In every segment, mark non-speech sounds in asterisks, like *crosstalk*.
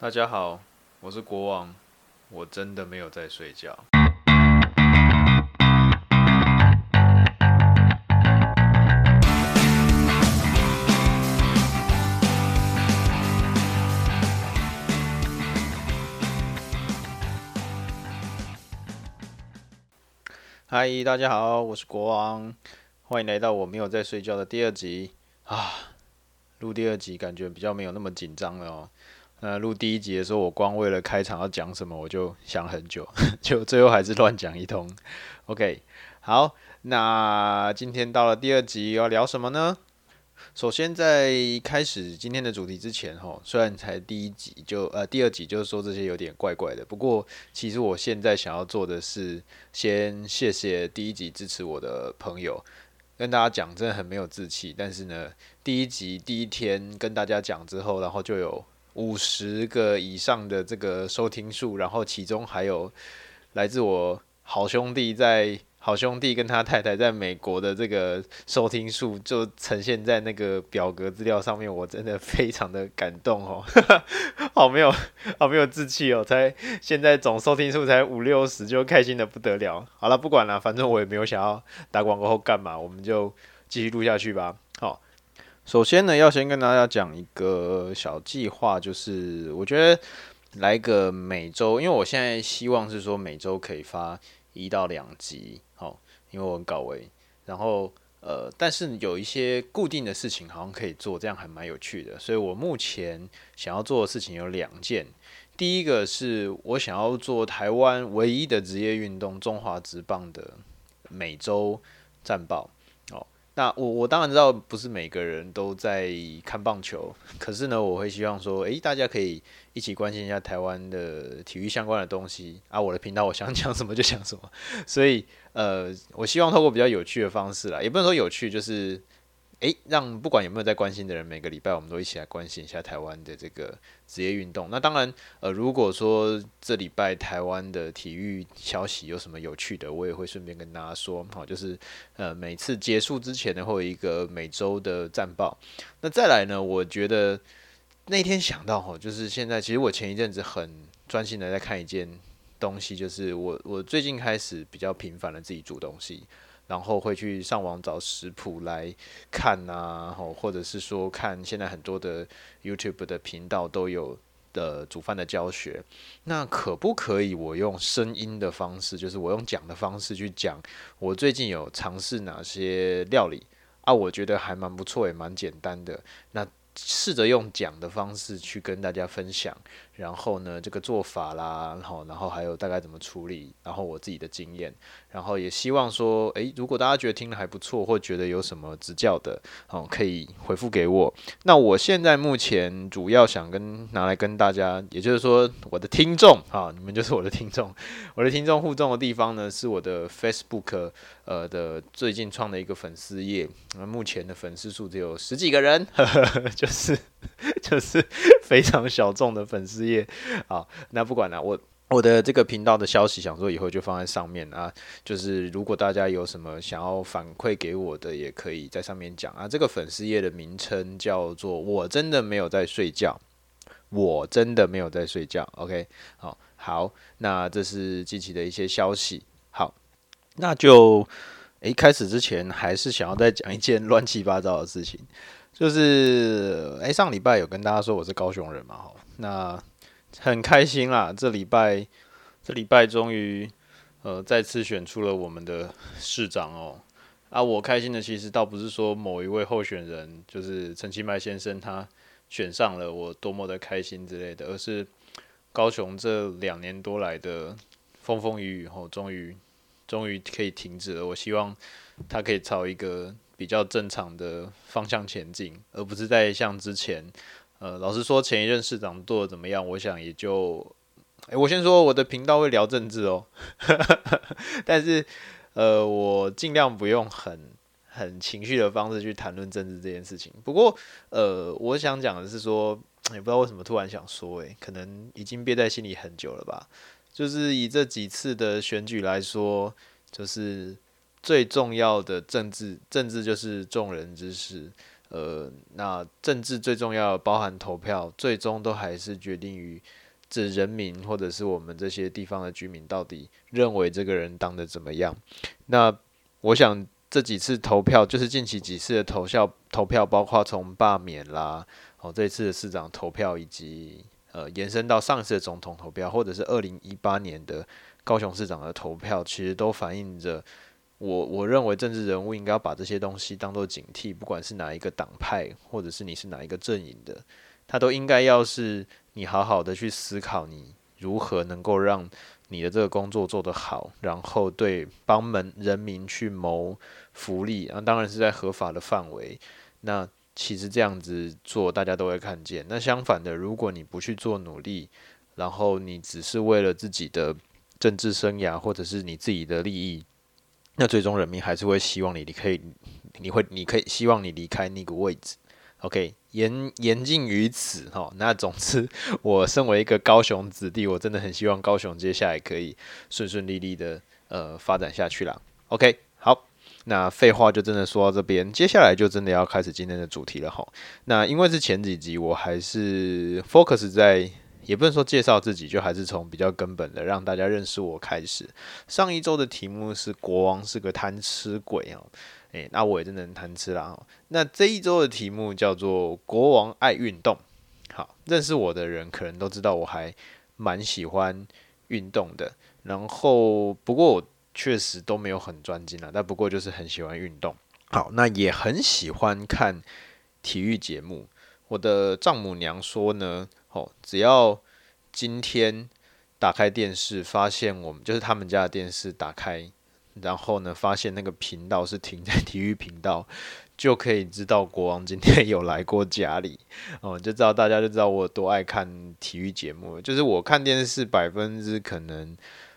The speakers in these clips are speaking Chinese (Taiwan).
大家好，我是國王，我真的沒有在睡覺。Hi，大家好，我是國王，歡迎來到我沒有在睡覺的第二集啊！錄第二集感覺比較沒有那麼緊張了哦、喔。呃，錄第一集的時候，我光為了開場要講什麼，我就想很久，就最後還是亂講一通。OK，好，那今天到了第二集要聊什麼呢？首先在開始今天的主題之前，吼，雖然才第一集就呃第二集就是說這些有點怪怪的，不過其實我現在想要做的是先謝謝第一集支持我的朋友，跟大家講真的很沒有志氣，但是呢，第一集第一天跟大家講之後，然後就有。五十個以上的這個收聽數，然後其中還有來自我好兄弟在好兄弟跟他太太在美國的這個收聽數，就呈現在那個表格資料上面。我真的非常的感動哦， *laughs* 好沒有好沒有志氣哦，才現在總收聽數才五六十，就開心得不得了。好了，不管了，反正我也沒有想要打廣告後幹嘛，我們就繼續錄下去吧。好、哦。首先呢，要先跟大家講一個小計劃，就是我覺得來個每周，因為我現在希望是說每周可以發一到兩集，好，哦，因為我很搞維。然後呃，但是有一些固定的事情好像可以做，這樣還蠻有趣的。所以我目前想要做的事情有兩件，第一個是我想要做台灣唯一的職業運動中華職棒的每周戰報。那我我當然知道不是每個人都在看棒球，可是呢，我會希望說，誒、欸，大家可以一起關心一下台灣的體育相關的東西啊。我的頻道，我想講什麼就講什麼，所以呃，我希望透過比較有趣的方式啦，也不能說有趣，就是。誒、欸，讓不管有沒有在關心的人，每個禮拜我們都一起來關心一下台灣的這個職業運動。那當然，呃，如果說這禮拜台灣的體育消息有什麼有趣的，我也會順便跟大家說。好，就是呃，每次結束之前呢，會有一個每周的戰報。那再來呢，我覺得那天想到哈，就是現在其實我前一陣子很專心的在看一件東西，就是我我最近開始比較頻繁的自己煮東西。然後會去上網找食譜來看啊，然後或者是說看現在很多的 YouTube 的頻道都有的煮飯的教學。那可不可以我用聲音的方式，就是我用講的方式去講？我最近有嘗試哪些料理啊？我覺得還蠻不錯，也蠻簡單的。那試着用講的方式去跟大家分享。然後呢，這個做法啦，然後然後還有大概怎麼處理，然後我自己的經驗，然後也希望說，誒，如果大家覺得聽的還不錯，或覺得有什麼指教的，哦，可以回復給我。那我現在目前主要想跟拿來跟大家，也就是說我的聽眾啊、哦，你們就是我的聽眾，我的聽眾互動的地方呢，是我的 Facebook 呃的最近創的一個粉絲頁、嗯，目前的粉絲數只有十幾個人，呵呵就是就是非常小眾的粉絲。好，那不管了、啊，我我的這個頻道的消息，想說以後就放在上面啊。就是如果大家有什麼想要反饋給我的，也可以在上面講啊。這個粉絲頁的名稱叫做“我真的沒有在睡覺”，我真的沒有在睡覺。OK，好，好，那這是近期的一些消息。好，那就、欸、一開始之前，還是想要再講一件亂七八糟的事情，就是誒、欸，上禮拜有跟大家說我是高雄人嘛，哈，那。很開心啦！這禮拜，這禮拜終於，呃，再次選出了我們的市長哦。啊，我開心的其實倒不是說某一位候選人，就是陳其邁先生他選上了，我多麼的開心之類的，而是高雄這兩年多來的風風雨雨哦，終於，終於可以停止了。我希望他可以朝一個比較正常的方向前進，而不是在像之前。呃，老實說，前一任市長做得怎麼樣？我想也就，欸、我先說我的頻道會聊政治哦， *laughs* 但是，呃，我盡量不用很很情緒的方式去談論政治這件事情。不過，呃，我想講的是說，也不知道為什麼突然想說、欸，誒，可能已經憋在心裡很久了吧。就是以這幾次的選舉來說，就是最重要的政治，政治就是眾人之事。呃，那政治最重要的包含投票，最終都還是決定於這人民或者是我們這些地方的居民到底認為這個人當得怎麼樣。那我想這幾次投票，就是近期幾次的投票，投票包括從罷免啦，哦這次的市長投票，以及呃延伸到上次的總統投票，或者是二零一八年的高雄市長的投票，其實都反映着。我我認為政治人物應該要把這些東西當作警惕，不管是哪一個黨派，或者是你是哪一個陣營的，他都應該要是你好好的去思考，你如何能夠讓你的這個工作做得好，然後對幫忙人民去謀福利，那當然是在合法的範圍。那其實這樣子做，大家都會看見。那相反的，如果你不去做努力，然後你只是為了自己的政治生涯，或者是你自己的利益。那最終人民還是會希望你，你可以，你會，你可以希望你離開那個位置。OK，言言盡於此哈。那總之，我身為一個高雄子弟，我真的很希望高雄接下來可以順順利利的呃發展下去啦。OK，好，那廢話就真的說到這邊，接下來就真的要開始今天的主題了吼。那因為是前幾集，我還是 focus 在。也不能說介紹自己，就還是從比較根本的讓大家認識我開始。上一周的題目是“國王是個貪吃鬼”喔，欸，那我也真的貪吃啦。那這一周的題目叫做“國王愛運動”。好，認識我的人可能都知道我還蠻喜歡運動的。然後不過我確實都沒有很專精啊，但不過就是很喜歡運動。好，那也很喜歡看體育節目。我的丈母娘說呢。哦，只要今天打開電視，發現我們就是他們家的電視打開，然後呢，發現那個頻道是停在體育頻道，就可以知道國王今天有來過家裡哦，就知道大家就知道我有多愛看體育節目，就是我看電視百分之可能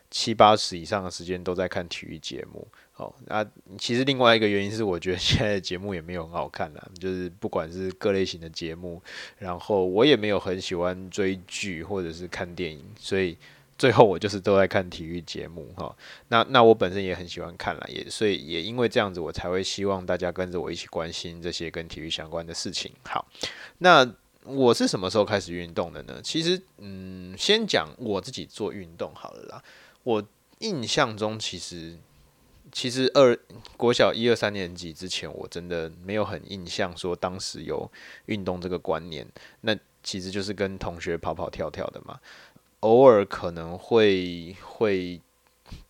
七八十以上的時間都在看體育節目。哦，那、啊、其實另外一個原因是，我覺得現在的節目也沒有很好看啦，就是不管是各類型的節目，然後我也沒有很喜歡追劇或者是看電影，所以最後我就是都在看體育節目哈、哦。那那我本身也很喜歡看啦，也所以也因為這樣子，我才會希望大家跟着我一起關心這些跟體育相關的事情。好，那我是什麼時候開始運動的呢？其實，嗯，先講我自己做運動好了啦。我印象中其實。其實，呃，國小一二三年級之前，我真的沒有很印象說當時有運動這個觀念。那其實就是跟同學跑跑跳跳的嘛，偶爾可能會，會。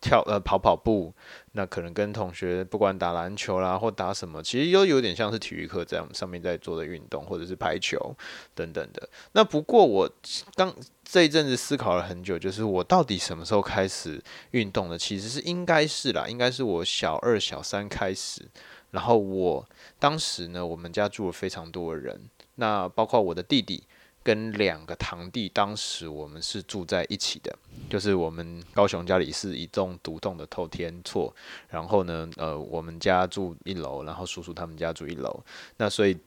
跳呃、跑跑步，那可能跟同學不管打籃球啦或打什麼，其實都有點像是體育課在我們上面在做的運動，或者是排球等等的。那不過我剛這一陣子思考了很久，就是我到底什麼時候開始運動的？其實是應該是啦，應該是我小二小三開始。然後我當時呢，我們家住了非常多的人，那包括我的弟弟。跟兩個堂弟，當時我們是住在一起的，就是我們高雄家裡是一棟獨棟的透天厝，然後呢，呃，我們家住一樓，然後叔叔他們家住一樓，那所以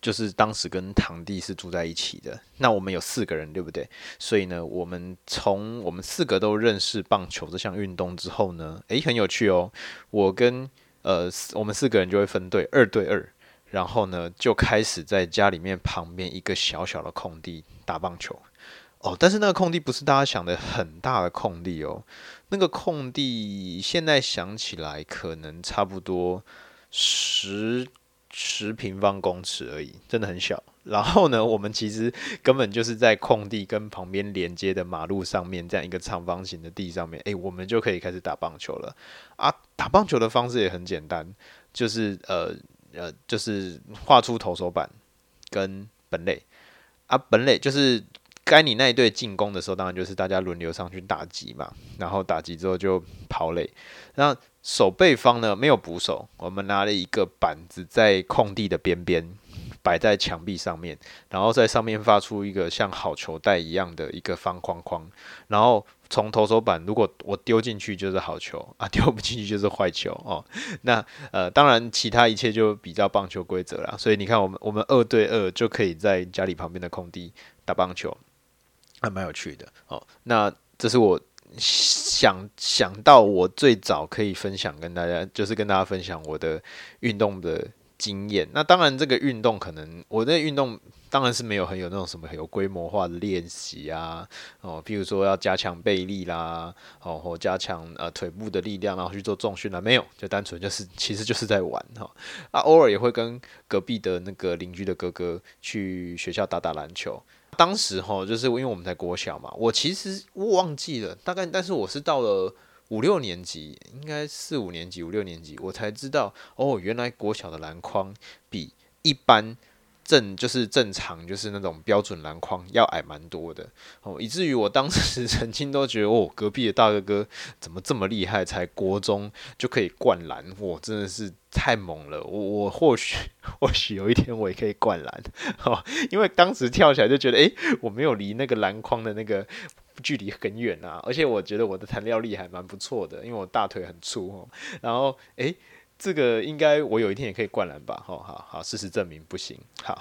就是當時跟堂弟是住在一起的。那我們有四個人，對不對？所以呢，我們從我們四個都認識棒球這項運動之後呢，誒、欸，很有趣哦！我跟呃，我們四個人就會分隊，二對二。然後呢，就開始在家裡面旁邊一個小小的空地打棒球，哦，但是那個空地不是大家想的很大的空地哦，那個空地現在想起來可能差不多十十平方公尺而已，真的很小。然後呢，我們其實根本就是在空地跟旁邊連接的馬路上面這樣一個長方形的地上面，誒，我們就可以開始打棒球了啊！打棒球的方式也很簡單，就是呃。呃，就是畫出投手板跟本壘啊，本壘就是該你那一隊進攻的時候，當然就是大家輪流上去打擊嘛，然後打擊之後就跑壘。然後守備方呢，沒有捕手，我們拿了一個板子在空地的邊邊，擺在牆壁上面，然後在上面發出一個像好球帶一樣的一個方框框，然後從投手板，如果我丟進去就是好球啊，丟不進去就是壞球哦。那呃，當然其他一切就比較棒球規則啦。所以你看我，我們我們二對二就可以在家裡旁邊的空地打棒球，還、啊、蠻有趣的哦。那這是我想想到我最早可以分享跟大家，就是跟大家分享我的運動的經驗。那當然，這個運動可能我那運動當然是沒有很有那種什麼很有規模化的練習啊哦，譬如說要加強背力啦，哦或加強呃腿部的力量，然後去做重訓啦，沒有就單純就是其實就是在玩哈。那、哦啊、偶爾也會跟隔壁的那個鄰居的哥哥去學校打打籃球。當時哈就是因為我們在國小嘛，我其實我忘記了大概，但是我是到了。五六年級，應該四五年級、五六年級，我才知道哦，原來國小的籃筐比一般正就是正常就是那種標準籃筐要矮蠻多的哦，以至於我當時曾經都覺得哦，隔壁的大哥哥怎麼這麼厲害，才國中就可以灌籃，我、哦、真的是太猛了，我我或許或許有一天我也可以灌籃哦，因為當時跳起來就覺得哎、欸，我沒有離那個籃筐的那個。距離很遠啊，而且我覺得我的彈跳力還蠻不錯的，因為我大腿很粗齁。然後，誒、欸，這個應該我有一天也可以灌籃吧？好好好，事實證明不行。好，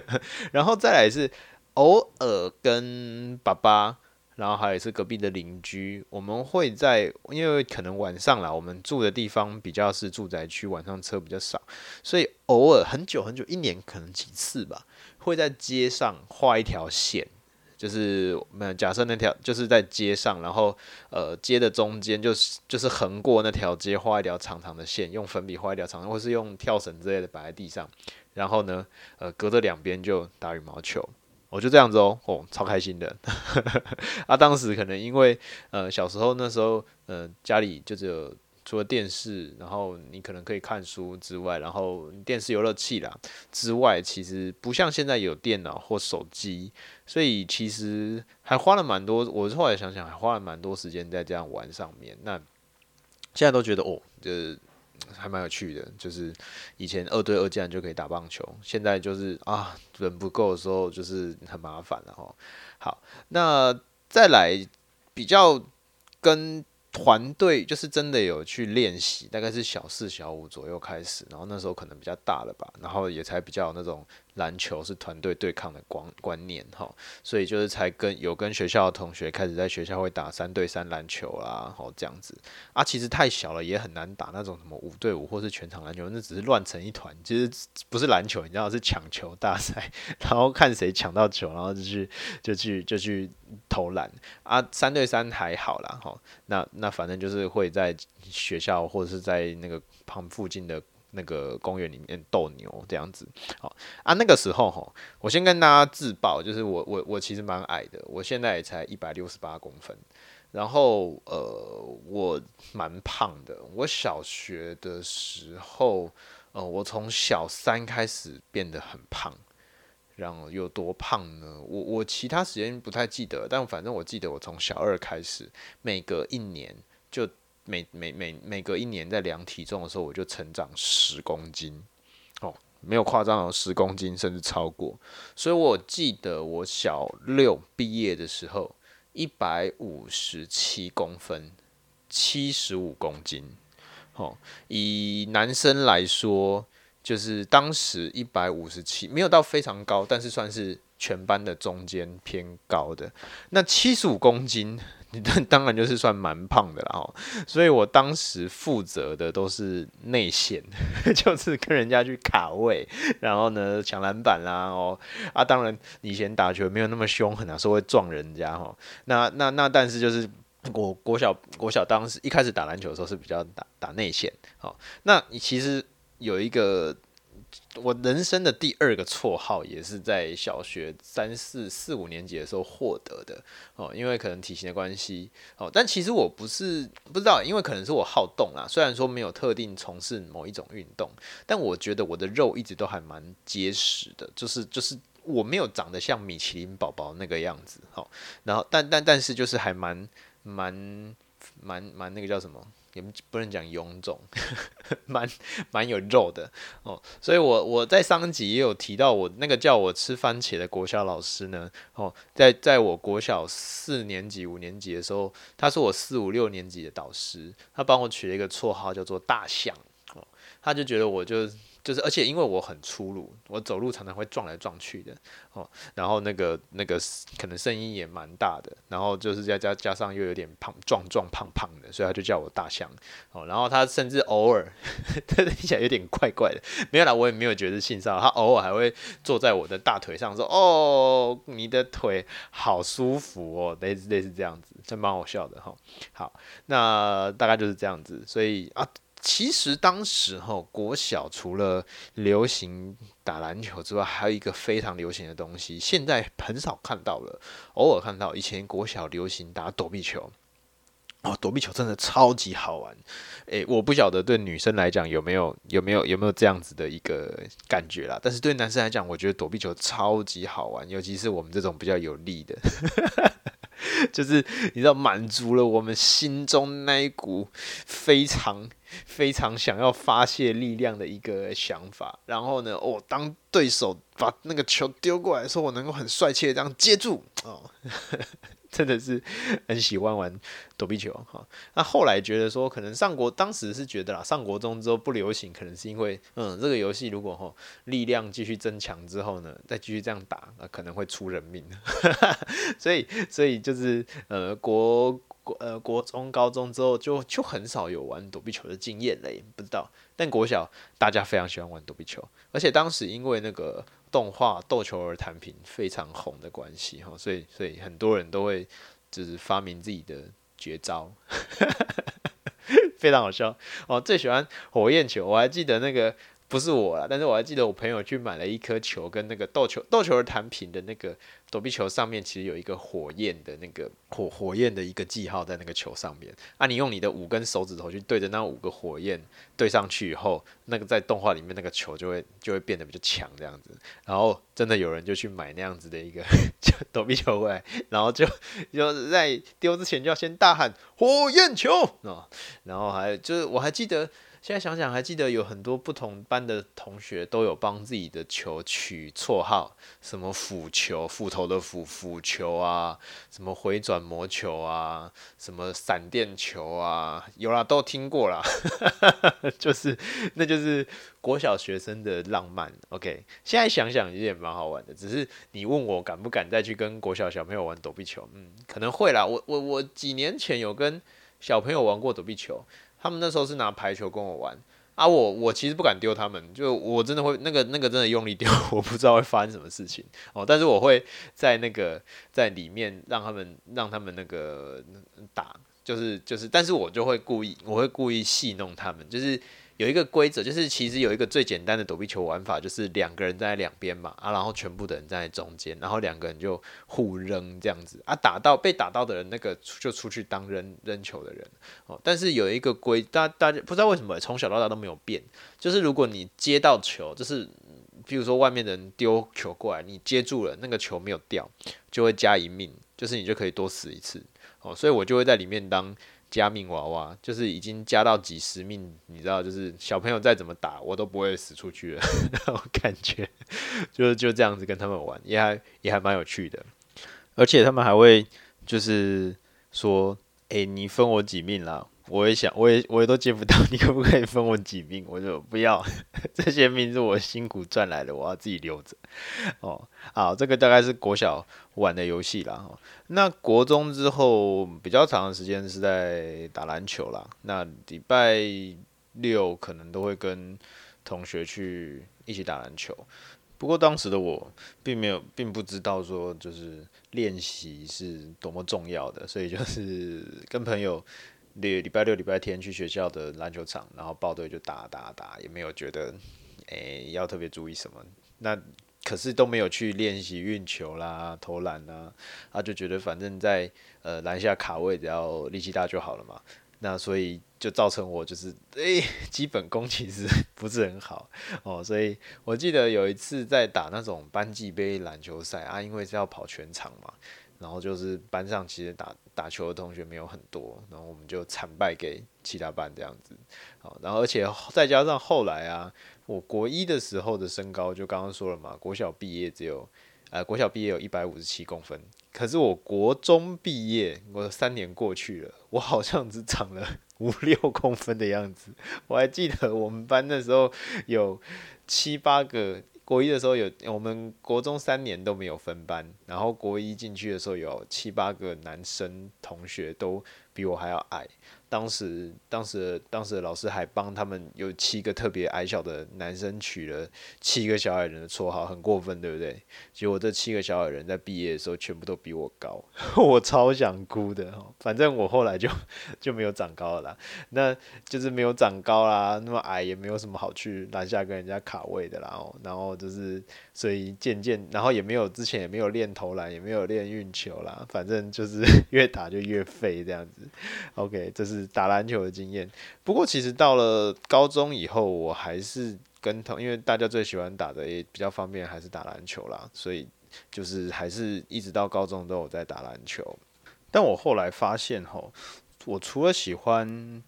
*laughs* 然後再來是偶爾跟爸爸，然後還有是隔壁的鄰居，我們會在，因為可能晚上啦，我們住的地方比較是住宅區，晚上車比較少，所以偶爾很久很久，一年可能幾次吧，會在街上畫一條線。就是，我們假設那條就是在街上，然後呃，街的中間就是就是橫過那條街畫一條長長的線，用粉筆畫一條長，或是用跳繩之類的擺在地上，然後呢，呃，隔着兩邊就打羽毛球，我就這樣子哦，哦，超開心的， *laughs* 啊，當時可能因為呃小時候那時候，呃家裡就只有。除了電視，然後你可能可以看書之外，然後電視遊樂器啦之外，其實不像現在有電腦或手機，所以其實還花了蠻多。我後來想想，還花了蠻多時間在這樣玩上面。那現在都覺得哦，就是還蠻有趣的，就是以前二對二竟然就可以打棒球，現在就是啊人不夠的時候就是很麻煩了吼。好，那再來比較跟。團隊就是真的有去練習，大概是小四小五左右開始，然後那時候可能比較大了吧，然後也才比較那種。籃球是團隊對抗的觀觀念哈，所以就是才跟有跟學校的同學開始在學校會打三對三籃球啦、啊，吼這樣子啊，其實太小了也很難打那種什麼五對五或是全場籃球，那只是亂成一團，其實不是籃球，你知道是搶球大賽，然後看誰搶到球，然後就去就去就去投籃啊，三對三還好啦。哈，那那反正就是會在學校或者是在那個旁附近的。那個公園裡面鬥牛這樣子，好啊，那個時候吼，我先跟大家自爆，就是我我我其實蠻矮的，我現在才一百六十八公分，然後呃我蠻胖的，我小學的時候呃我從小三開始變得很胖，然後有多胖呢？我我其他時間不太記得，但反正我記得我從小二開始，每隔一年。每每每每隔一年在量體重的時候，我就成長十公斤，哦，沒有誇張，哦，十公斤甚至超過。所以我記得我小六畢業的時候，一百五十七公分，七十五公斤，哦，以男生來說，就是當時一百五十七沒有到非常高，但是算是全班的中間偏高的。那七十五公斤。你當然就是算蠻胖的了哦，所以我當時負責的都是內線，就是跟人家去卡位，然後呢搶籃板啦、啊、哦啊，當然以前打球沒有那麼凶狠啊，所以會撞人家哦，那那那，那但是就是我國小國小當時一開始打籃球的時候是比較打打內線哦。那你其實有一個。我人生的第二個綽號也是在小學三四四五年級的時候獲得的哦，因為可能體型的關係哦，但其實我不是不知道，因為可能是我好動啦，雖然說沒有特定從事某一種運動，但我覺得我的肉一直都還蠻結實的，就是就是我沒有長得像米其林寶寶那個樣子哦，然後但但但是就是還蠻蠻蠻蠻那個叫什麼？也不能講臃腫，蠻蠻有肉的哦。所以我，我我在上一集也有提到我，我那個叫我吃番茄的國小老師呢，哦，在在我國小四年級、五年級的時候，他是我四五六年級的導師，他幫我取了一個綽號叫做大象，哦，他就覺得我就。就是，而且因為我很粗魯，我走路常常會撞來撞去的哦，然後那個那個可能聲音也蠻大的，然後就是加加加上又有點胖，壯壯胖胖的，所以他就叫我大象哦，然後他甚至偶爾他聽起來有點怪怪的，沒有啦，我也沒有覺得是性騷擾，他偶爾還會坐在我的大腿上說：“哦，你的腿好舒服哦”，類似類似這樣子，真蠻好笑的哈、哦。好，那大概就是這樣子，所以啊。其實當時候國小除了流行打籃球之外，還有一個非常流行的東西，現在很少看到了，偶爾看到。以前國小流行打躲避球，哦，躲避球真的超級好玩。誒，我不曉得對女生來講有沒有有沒有有沒有這樣子的一個感覺啦，但是對男生來講，我覺得躲避球超級好玩，尤其是我們這種比較有力的， *laughs* 就是你知道滿足了我們心中那一股非常。非常想要發洩力量的一個想法，然後呢，我、哦、當對手把那個球丟過來的時候，我能夠很帥氣的這樣接住哦， *laughs* 真的是很喜歡玩躲避球哈、哦。那後來覺得說，可能上國當時是覺得啦，上國中之後不流行，可能是因為嗯，這個遊戲如果吼、哦、力量繼續增強之後呢，再繼續這樣打，那、呃、可能會出人命， *laughs* 所以所以就是呃國。國呃，國中、高中之後就就很少有玩躲避球的經驗嘞，不知道。但國小大家非常喜歡玩躲避球，而且當時因為那個動畫《鬥球兒彈平》非常紅的關係哈，所以所以很多人都會就是發明自己的絕招， *laughs* 非常好笑哦。最喜歡火焰球，我還記得那個。不是我啊，但是我還記得我朋友去買了一顆球，跟那個鬥球、鬥球彈平的那個躲避球上面，其實有一個火焰的那個火火焰的一個記號在那個球上面。啊，你用你的五根手指頭去對着那五個火焰對上去以後，那個在動畫裡面那個球就會就會變得比較強這樣子。然後真的有人就去買那樣子的一個 *laughs* 躲避球過來，然後就就在丟之前就要先大喊火焰球哦。然後還就是我還記得。現在想想，還記得有很多不同班的同學都有幫自己的球取綽號，什麼斧球、斧頭的斧斧球啊，什麼迴轉魔球啊，什麼閃電球啊，有啦，都聽過啦 *laughs* 就是那就是國小學生的浪漫。OK，現在想想其實也蠻好玩的，只是你問我敢不敢再去跟國小小朋友玩躲避球，嗯，可能會啦。我我我幾年前有跟小朋友玩過躲避球。他們那時候是拿排球跟我玩啊，我，我我其實不敢丟他們，就我真的會那個那個真的用力丟， *laughs* 我不知道會發生什麼事情哦，但是我會在那個在裡面讓他們讓他們那個打，就是就是，但是我就會故意我會故意戲弄他們，就是。有一個規則，就是其實有一個最簡單的躲避球玩法，就是兩個人站在兩邊嘛，啊，然後全部的人站在中間，然後兩個人就互扔這樣子啊，打到被打到的人，那個就出去當扔扔球的人哦。但是有一個規，大家大家不知道為什麼從小到大都沒有變，就是如果你接到球，就是比如說外面的人丟球過來，你接住了那個球沒有掉，就會加一命，就是你就可以多死一次哦。所以我就會在裡面當，加命娃娃，就是已經加到幾十命，你知道，就是小朋友再怎麼打我都不會死出去了那種 *laughs* 感覺就，就就這樣子跟他們玩也還也還蠻有趣的，而且他們還會就是說，誒、欸，你分我幾命啦。我也想，我也我也都見不到，你可不可以分我幾命？我就不要，呵呵，這些命是我辛苦賺來的，我要自己留着。哦，好，這個大概是國小玩的遊戲啦。哦，那國中之後比較長的時間是在打籃球啦。那禮拜六可能都會跟同學去一起打籃球。不過當時的我並沒有並不知道說就是練習是多麼重要的，所以就是跟朋友。六禮拜六禮拜天去學校的籃球場，然後抱隊就打打打，也沒有覺得，誒、欸、要特別注意什麼。那可是都沒有去練習運球啦、投籃啦，他、啊、就覺得反正在呃籃下卡位只要力氣大就好了嘛。那所以就造成我就是誒、欸、基本功其實不是很好哦。所以我記得有一次在打那種班際盃籃球賽啊，因為是要跑全場嘛，然後就是班上其實打。打球的同學沒有很多，然後我們就慘敗給其他班這樣子，好，然後而且再加上後來啊，我國一的時候的身高就剛剛說了嘛，國小畢業只有，呃，國小畢業有一百五十七公分，可是我國中畢業，我三年過去了，我好像只長了五六公分的樣子，我還記得我們班那時候有七八個。國一的時候有，我們國中三年都沒有分班，然後國一進去的時候有七八個男生同學都比我還要矮。當時，當時，當時老師還幫他們有七個特別矮小的男生取了七個小矮人的綽號，很過分，對不對？結果這七個小矮人在畢業的時候全部都比我高， *laughs* 我超想哭的哦。反正我後來就就沒有長高了啦，那就是沒有長高啦，那麼矮也沒有什麼好去攔下跟人家卡位的啦哦，然後就是。所以漸漸，然後也沒有之前也沒有練投籃，也沒有練運球啦。反正就是越打就越廢這樣子。OK，這是打籃球的經驗。不過其實到了高中以後，我還是跟同，因為大家最喜歡打的也比較方便，還是打籃球啦。所以就是還是一直到高中都有在打籃球。但我後來發現，吼，我除了喜歡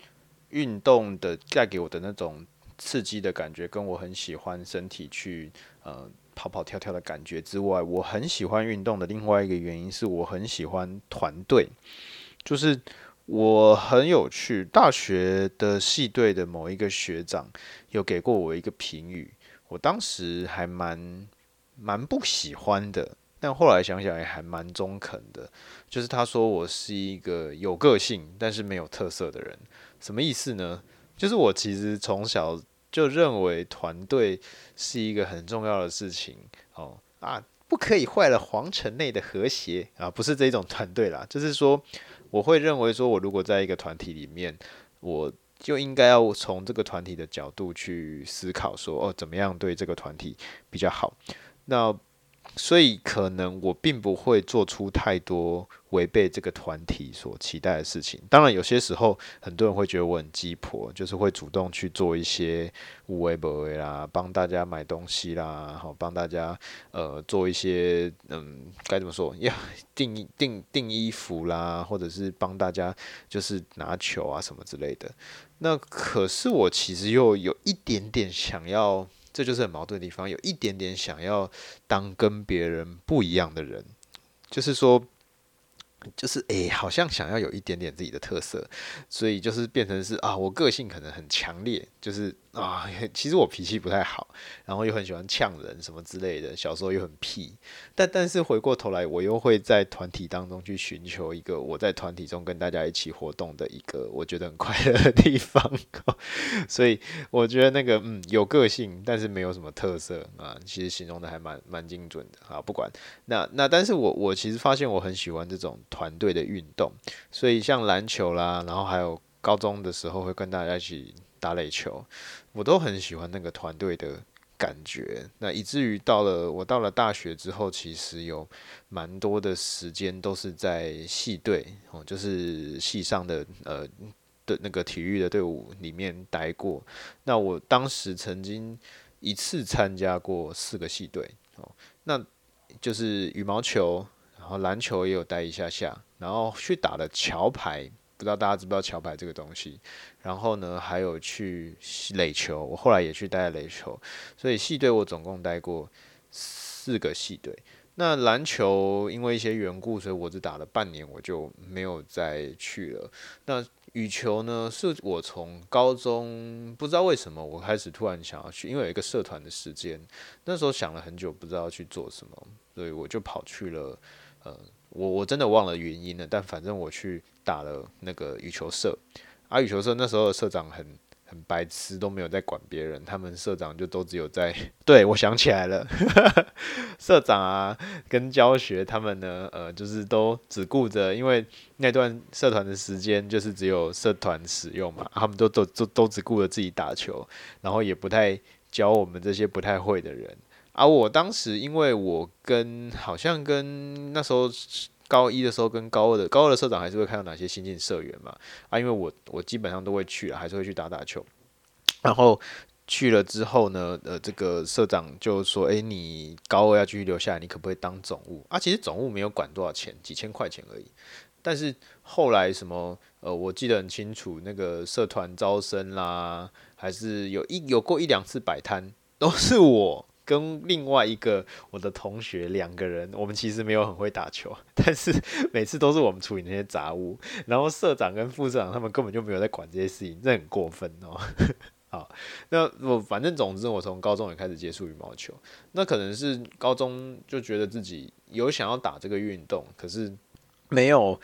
運動的帶給我的那種刺激的感覺，跟我很喜歡身體去呃。跑跑跳跳的感覺之外，我很喜歡運動的另外一個原因是我很喜歡團隊，就是我很有趣。大學的系隊的某一個學長有給過我一個評語，我當時還蠻蠻不喜歡的，但後來想想也還蠻中肯的，就是他說我是一個有個性但是沒有特色的人，什麼意思呢？就是我其實從小，就認為團隊是一個很重要的事情哦啊，不可以壞了皇城內的和諧啊，不是這種團隊啦。就是說，我會認為說，我如果在一個團體裡面，我就應該要從這個團體的角度去思考說，說哦，怎麼樣對這個團體比較好。那所以可能我並不會做出太多違背這個團體所期待的事情。當然，有些時候很多人會覺得我很雞婆，就是會主動去做一些無微不至啦，幫大家買東西啦，好幫大家呃做一些嗯該怎麼說呀？訂訂訂衣服啦，或者是幫大家就是拿球啊什麼之類的。那可是我其實又有一點點想要。這就是很矛盾的地方，有一點點想要當跟別人不一樣的人，就是說，就是哎、欸，好像想要有一點點自己的特色，所以就是變成是啊，我個性可能很強烈，就是。啊，其實我脾氣不太好，然後又很喜歡嗆人什麼之類的，小時候又很屁，但但是回過頭來，我又會在團體當中去尋求一個我在團體中跟大家一起活動的一個我覺得很快樂的地方， *laughs* 所以我覺得那個嗯有個性，但是沒有什麼特色啊，其實形容的還蠻蠻精準的啊。不管那那，那但是我我其實發現我很喜歡這種團隊的運動，所以像籃球啦，然後還有高中的時候會跟大家一起打壘球。我都很喜歡那個團隊的感覺，那以至於到了我到了大學之後，其實有蠻多的時間都是在系隊哦，就是系上的呃的那個體育的隊伍裡面待過。那我當時曾經一次參加過四個系隊哦，那就是羽毛球，然後籃球也有待一下下，然後去打了橋牌。不知道大家知不知道橋牌這個東西，然後呢，還有去壘球，我後來也去待壘球，所以系隊我總共待過四個系隊。那籃球因為一些緣故，所以我只打了半年，我就沒有再去了。那羽球呢，是我從高中不知道為什麼我開始突然想要去，因為有一個社團的時間，那時候想了很久，不知道要去做什麼，所以我就跑去了。呃，我我真的忘了原因了，但反正我去。打了那個羽球社，啊，羽球社那時候的社長很很白痴，都沒有在管別人。他們社長就都只有在，對，我想起來了，呵呵社長啊跟教學他們呢，呃，就是都只顧着，因為那段社團的時間就是只有社團使用嘛，他們都都都都只顧着自己打球，然後也不太教我們這些不太會的人。啊，我當時因為我跟好像跟那時候。高一的時候跟高二的高二的社長還是會看到哪些新進社員嘛？啊，因為我我基本上都會去了，還是會去打打球。然後去了之後呢，呃，這個社長就說：“誒，你高二要繼續留下來，你可不可以當總務？”啊，其實總務沒有管多少錢，幾千塊錢而已。但是後來什麼？呃，我記得很清楚，那個社團招生啦，還是有一有過一兩次擺攤，都是我。跟另外一個我的同學兩個人，我們其實沒有很會打球，但是每次都是我們處理那些雜物。然後社長跟副社長他們根本就沒有在管這些事情，這很過分哦。 *laughs* 好，那我反正總之我從高中也開始接觸羽毛球，那可能是高中就覺得自己有想要打這個運動，可是沒有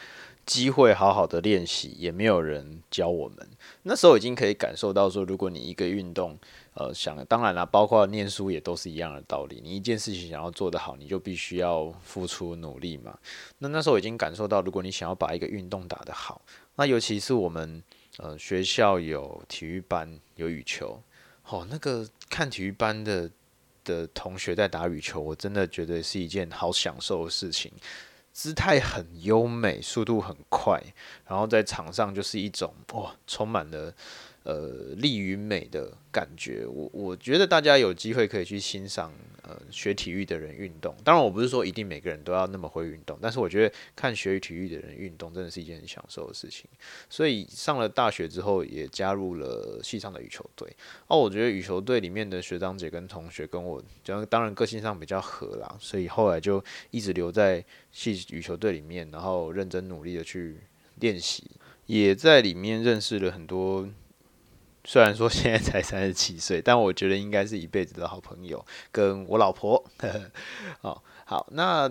機會好好的練習，也沒有人教我們。那時候已經可以感受到說，如果你一個運動，呃，想當然啦，包括念書也都是一樣的道理。你一件事情想要做得好，你就必須要付出努力嘛。那那時候我已經感受到，如果你想要把一個運動打得好，那尤其是我們呃學校有體育班有羽球，哦，那個看體育班的的同學在打羽球，我真的覺得是一件好享受的事情。姿態很優美，速度很快，然後在場上就是一種哇、哦，充滿了。呃，力與美的感覺，我我覺得大家有機會可以去欣賞呃學體育的人運動。當然，我不是說一定每個人都要那麼會運動，但是我覺得看學體育的人運動，真的是一件很享受的事情。所以上了大學之後，也加入了系上的羽球隊。哦、啊，我覺得羽球隊裡面的學長姐跟同學跟我，當然個性上比較合啦，所以後來就一直留在系羽球隊裡面，然後認真努力的去練習，也在裡面認識了很多。雖然說現在才三十七歲，但我覺得應該是一輩子的好朋友，跟我老婆。呵呵哦，好，那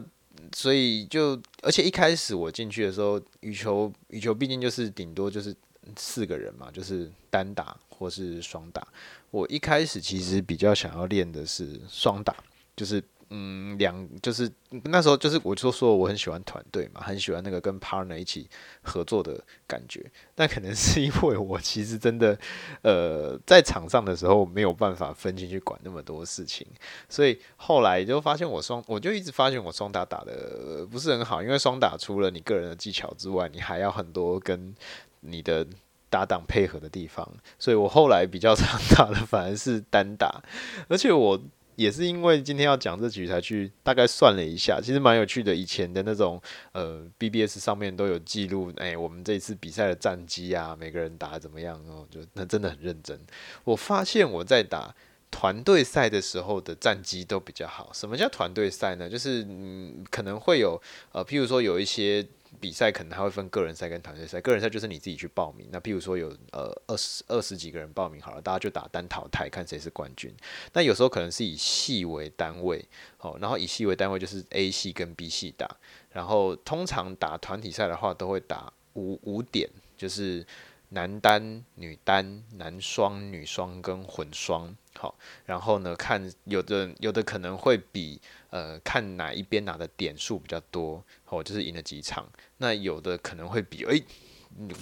所以就，而且一開始我進去的時候，羽球，羽球畢竟就是頂多就是四個人嘛，就是單打或是雙打。我一開始其實比較想要練的是雙打，就是。嗯，兩就是那時候就是我就說我很喜歡團隊嘛，很喜歡那個跟 partner 一起合作的感覺。但可能是因為我其實真的，呃，在場上的時候沒有辦法分進去管那麼多事情，所以後來就發現我雙，我就一直發現我雙打打得不是很好，因為雙打除了你個人的技巧之外，你還要很多跟你的搭檔配合的地方，所以我後來比較常打的反而是單打，而且我。也是因為今天要講這局，才去大概算了一下，其實蠻有趣的。以前的那種，呃，BBS 上面都有記錄，誒、欸，我們這次比賽的戰績啊，每個人打的怎麼樣？哦，就那真的很認真。我發現我在打團隊賽的時候的戰績都比較好。什麼叫團隊賽呢？就是嗯，可能會有呃，譬如說有一些。比賽可能還會分個人賽跟團隊賽。個人賽就是你自己去報名，那譬如說有呃二十二十幾個人報名好了，大家就打單淘汰，看誰是冠軍。那有時候可能是以系為單位，哦，然後以系為單位就是 A 系跟 B 系打。然後通常打團體賽的話，都會打五五點，就是男單、女單、男雙、女雙跟混雙。好，然後呢，看有的有的可能會比呃看哪一邊拿的點數比較多，哦，就是贏了幾場，那有的可能會比誒、欸，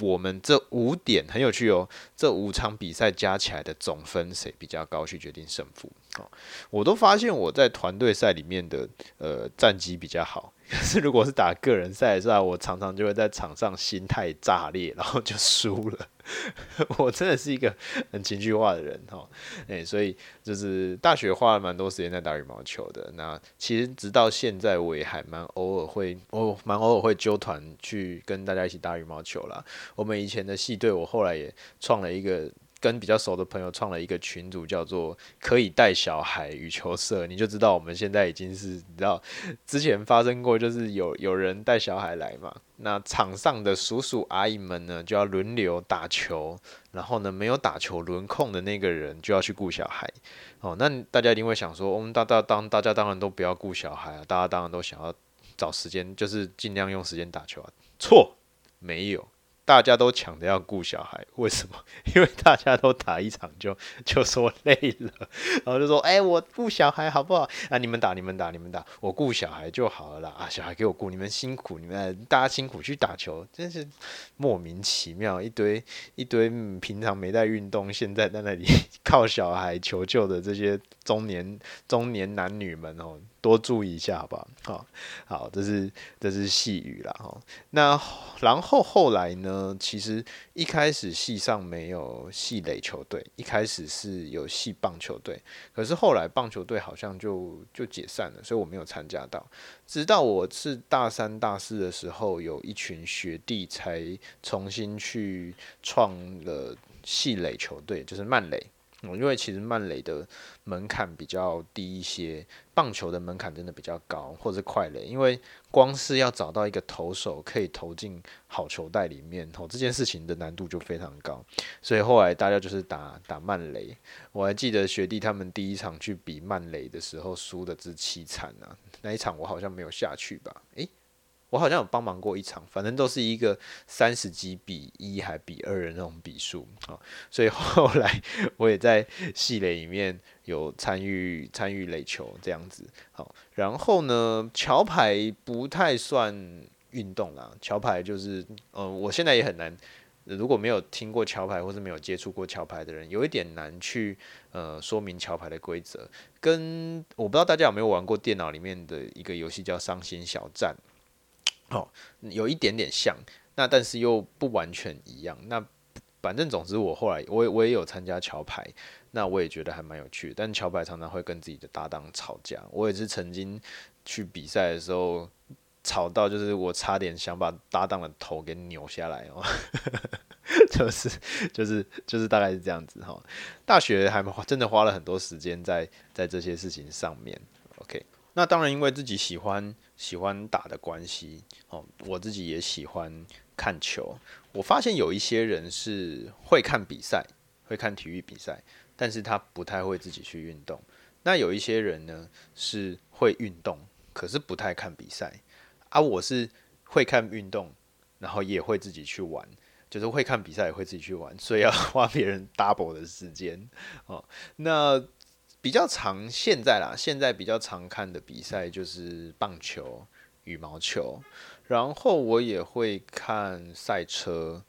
我們這五點很有趣哦，這五場比賽加起來的總分誰比較高去決定勝負。我都發現我在團隊賽裡面的呃戰績比較好，可是如果是打個人賽的時候，我常常就會在場上心態炸裂，然後就輸了。 *laughs* 我真的是一個很情緒化的人哈，哎、欸，所以就是大學花了蠻多時間在打羽毛球的。那其實直到現在，我也還蠻偶爾會，我、哦、蠻偶爾會揪團去跟大家一起打羽毛球啦。我們以前的系隊，我後來也創了一個。跟比較熟的朋友創了一個群組，叫做“可以帶小孩羽球社”，你就知道我們現在已經是，你知道之前發生過，就是有有人帶小孩來嘛，那場上的叔叔阿姨們呢就要輪流打球，然後呢沒有打球輪空的那個人就要去顧小孩。哦，那大家一定會想說，我們，哦，大大當大家當然都不要顧小孩啊，大家當然都想要找時間，就是盡量用時間打球啊。錯，沒有。大家都搶着要顧小孩，為什麼？因為大家都打一場就就說累了，然後就說：“哎、欸，我顧小孩好不好？啊，你們打，你們打，你們打，我顧小孩就好了啦！啊，小孩給我顧，你們辛苦，你們大家辛苦去打球，真是莫名其妙，一堆一堆平常沒在運動，現在在那裡靠小孩求救的這些中年中年男女們哦。”多注意一下好好，吧，好？好，這是這是戲語啦。哈、哦。那然後後來呢？其實一開始系上沒有系壘球隊，一開始是有系棒球隊，可是後來棒球隊好像就就解散了，所以我沒有參加到。直到我是大三、大四的時候，有一群學弟才重新去創了系壘球隊，就是慢壘。嗯、因為其實慢壘的門檻比較低一些，棒球的門檻真的比較高，或者快壘。因為光是要找到一個投手可以投進好球帶裡面吼，這件事情的難度就非常高。所以後來大家就是打打慢壘。我還記得學弟他們第一場去比慢壘的時候，輸的之淒慘啊！那一場我好像沒有下去吧？誒、欸。我好像有幫忙過一場，反正都是一個三十幾比一還比二的那種比數，所以後來我也在系列裡面有參與參與壘球這樣子。好，然後呢，橋牌不太算運動啦，橋牌就是，呃，我現在也很難，如果沒有聽過橋牌或是沒有接觸過橋牌的人，有一點難去呃說明橋牌的規則。跟我不知道大家有沒有玩過電腦裡面的一個遊戲叫《傷心小站》。哦，有一點點像，那但是又不完全一樣。那反正總之，我後來我也我也有參加橋牌，那我也覺得還蠻有趣的。但橋牌常常會跟自己的搭檔吵架，我也是曾經去比賽的時候吵到，就是我差點想把搭檔的頭給扭下來哦。 *laughs* 就是就是就是大概是這樣子哈、哦。大學還花真的花了很多時間在在這些事情上面。OK。那當然，因為自己喜歡喜歡打的關係哦，我自己也喜歡看球。我發現有一些人是會看比賽，會看體育比賽，但是他不太會自己去運動。那有一些人呢是會運動，可是不太看比賽啊。我是會看運動，然後也會自己去玩，就是會看比賽，也會自己去玩，所以要花別人 double 的時間哦。那比較常現在啦，現在比較常看的比賽就是棒球、羽毛球，然後我也會看賽車。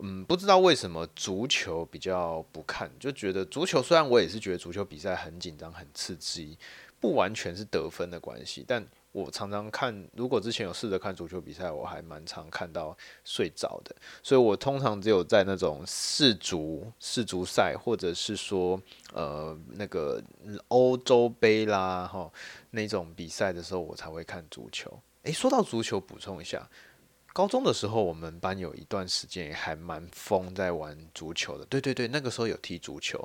嗯，不知道為什麼足球比較不看，就覺得足球雖然我也是覺得足球比賽很緊張、很刺激。不完全是得分的關係，但我常常看。如果之前有試着看足球比賽，我還蠻常看到睡着的。所以我通常只有在那種世足、世足賽，或者是說呃那個歐洲杯啦吼那種比賽的時候，我才會看足球。誒、欸，說到足球，補充一下。高中的時候，我們班有一段時間也還蠻瘋，在玩足球的。對對對，那個時候有踢足球。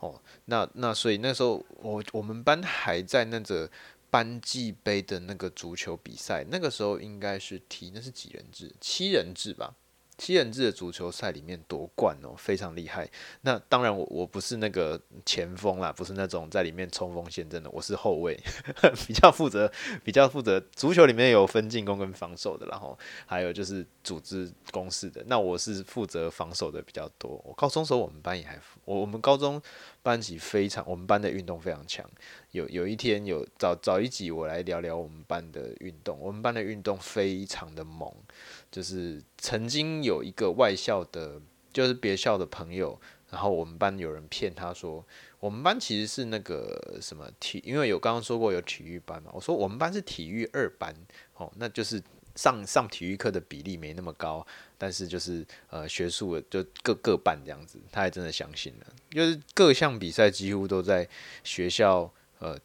哦，那那所以那時候我我們班還在那個班級杯的那個足球比賽。那個時候應該是踢，那是幾人制？七人制吧。七人制的足球賽裡面奪冠哦，非常厲害。那當然我，我我不是那個前鋒啦，不是那種在裡面衝鋒陷陣的，我是後衛呵呵，比較負責，比較負責。足球裡面有分進攻跟防守的，然後還有就是組織攻勢的。那我是負責防守的比較多。我高中的時候我們班也還，我我們高中班級非常，我們班的運動非常強。有有一天有早早一集，我來聊聊我們班的運動。我們班的運動非常的猛。就是曾經有一個外校的，就是別校的朋友，然後我們班有人騙他說，我們班其實是那個什麼體，因為有剛剛說過有體育班嘛，我說我們班是體育二班，哦，那就是上上體育課的比例沒那麼高，但是就是呃學術就各各半這樣子，他還真的相信了，就是各項比賽幾乎都在學校呃，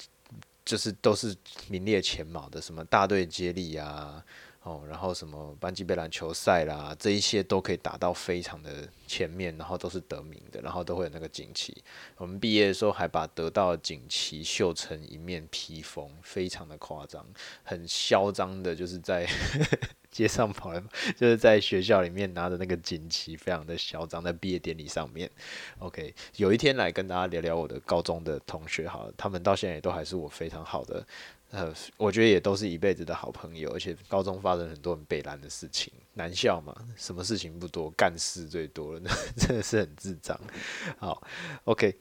就是都是名列前茅的，什麼大隊接力啊，哦，然後什麼班際盃籃球賽啦，這一些都可以打到非常的前面，然後都是得名的，然後都會有那個錦旗。我們畢業的時候還把得到的錦旗繡成一面披風，非常的誇張，很囂張的，就是在 *laughs* 街上跑，來，就是在學校裡面拿着那個錦旗，非常的囂張，在畢業典禮上面。OK，有一天來跟大家聊聊我的高中的同學，好了，他們到現在也都還是我非常好的。呃，我覺得也都是一輩子的好朋友，而且高中發生很多很悲慘的事情，男校嘛，什麼事情不多，幹事最多了，真的是很智障。好，OK，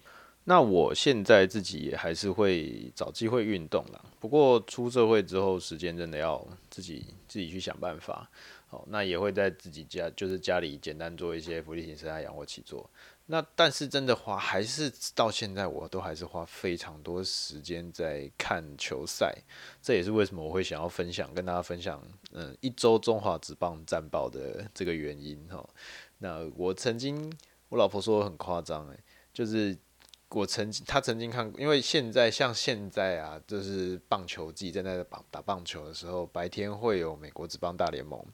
那我現在自己也還是會找機會運動啦。不過出社會之後時間真的要自己自己去想辦法。好，那也會在自己家，就是家裡簡單做一些伏地挺身啊，仰臥起坐。那但是真的花，還是到現在我都還是花非常多時間在看球賽，這也是為什麼我會想要分享，跟大家分享，嗯，一周中華職棒戰報的這個原因哈。那我曾經，我老婆說我很誇張誒，就是我曾經她曾經看過，因為現在像現在啊，就是棒球季正在那打打棒球的時候，白天會有美國職棒大聯盟，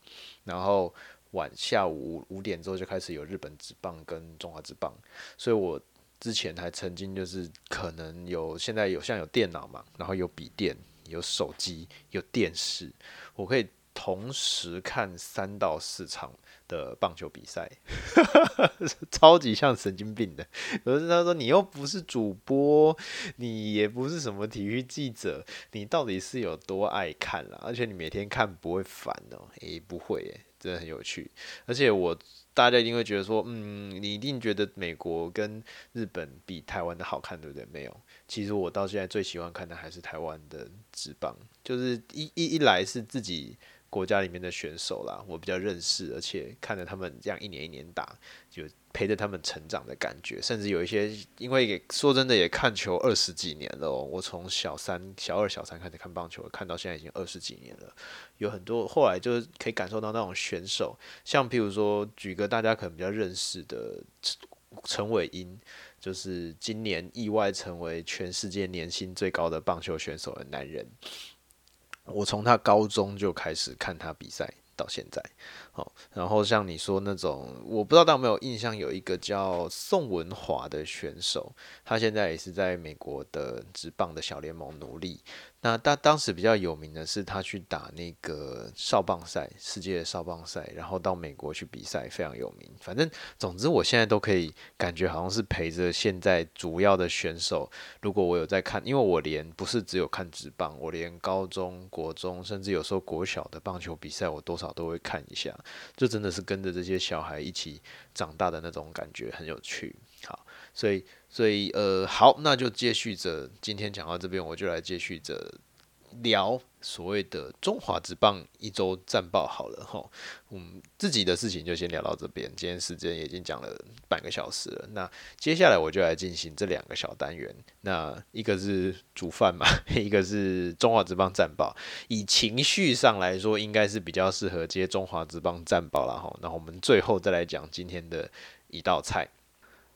然後。晚下午五點之後就開始有日本職棒跟中華職棒，所以我之前還曾經就是可能有現在有像有電腦嘛，然後有筆電、有手機、有電視，我可以同時看三到四場的棒球比賽， *laughs* 超級像神經病的。可是他說，你又不是主播，你也不是什麼體育記者，你到底是有多愛看啦，啊？而且你每天看不會煩哦？也不會，欸真的很有趣，而且我大家一定會覺得說，嗯，你一定覺得美國跟日本比台灣的好看，對不對？沒有，其實我到現在最喜歡看的還是台灣的職棒，就是一一一來是自己。國家裡面的選手啦，我比較認識，而且看着他們這樣一年一年打，就陪着他們成長的感覺。甚至有一些，因為也說真的也看球二十幾年了，我從小三、小二、小三開始看棒球，看到現在已經二十幾年了。有很多後來就是可以感受到那種選手，像譬如說，舉個大家可能比較認識的陳陳偉殷，就是今年意外成為全世界年薪最高的棒球選手的男人。我從他高中就開始看他比賽到現在。好，然後像你說那種，我不知道大家有沒有印象，有一個叫宋文華的選手，他現在也是在美國的職棒的小聯盟努力。那他當時比較有名的是他去打那個少棒賽，世界的少棒賽，然後到美國去比賽，非常有名。反正，總之，我現在都可以感覺好像是陪着現在主要的選手。如果我有在看，因為我連不是只有看職棒，我連高中國中，甚至有時候國小的棒球比賽，我多少都會看一下。就真的是跟着這些小孩一起長大的那種感覺很有趣。好，所以所以呃好，那就接續着今天講到這邊，我就來接續着。聊所謂的中華職棒，一周戰報好了齁，嗯，我們自己的事情就先聊到這邊。今天時間已經講了半個小時了，那接下來我就來進行這兩個小單元，那一個是煮飯嘛，一個是中華職棒戰報。以情緒上來說，應該是比較適合接中華職棒戰報了齁。然後那我們最後再來講今天的一道菜。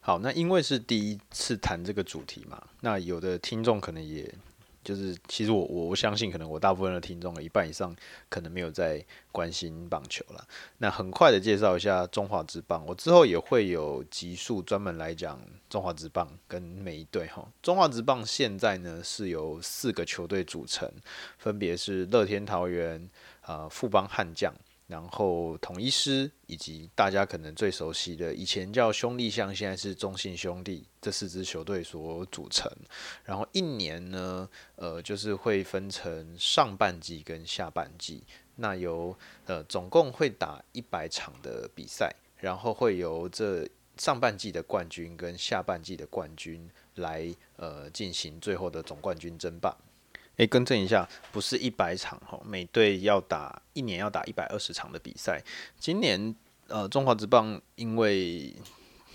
好，那因為是第一次談這個主題嘛，那有的聽眾可能也。就是，其實我我相信，可能我大部分的聽眾，一半以上可能沒有在關心棒球了。那很快的介紹一下中華職棒，我之後也會有集數專門來講中華職棒跟每一隊哈。中華職棒現在呢是由四個球隊組成，分別是樂天桃園、呃，富邦悍將。然後統一獅，以及大家可能最熟悉的以前叫兄弟象，現在是中信兄弟這四支球隊所組成。然後一年呢，呃，就是會分成上半季跟下半季，那由呃總共會打一百場的比賽，然後會由這上半季的冠軍跟下半季的冠軍來呃進行最後的總冠軍爭霸。誒、欸，更正一下，不是一百場吼，每隊要打一年要打一百二十場的比賽。今年呃，中華職棒因為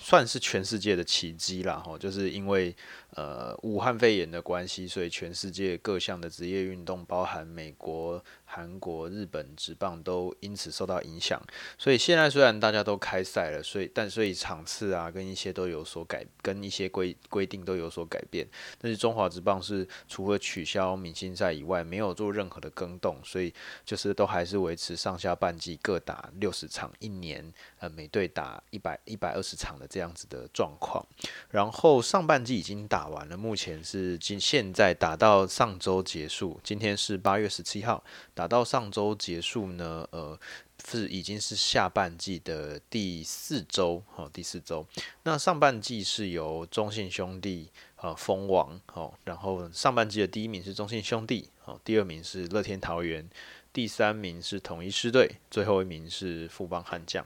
算是全世界的奇蹟啦吼，就是因為。呃，武漢肺炎的關係，所以全世界各項的職業運動，包含美國、韓國、日本職棒，都因此受到影響。所以現在雖然大家都開賽了，所以但所以場次啊，跟一些都有所改，跟一些規規定都有所改變。但是中華職棒是除了取消明星賽以外，沒有做任何的更動，所以就是都還是維持上下半季各打六十場，一年呃每隊打一百一百二十場的這樣子的狀況。然後上半季已經打。打完了，目前是今現在打到上週結束，今天是八月十七號，打到上週結束呢，呃，是已經是下半季的第四週，哈、哦，第四週。那上半季是由中信兄弟，啊、哦，封王，好、哦，然後上半季的第一名是中信兄弟，好、哦，第二名是樂天桃園，第三名是統一獅隊，最後一名是富邦悍將。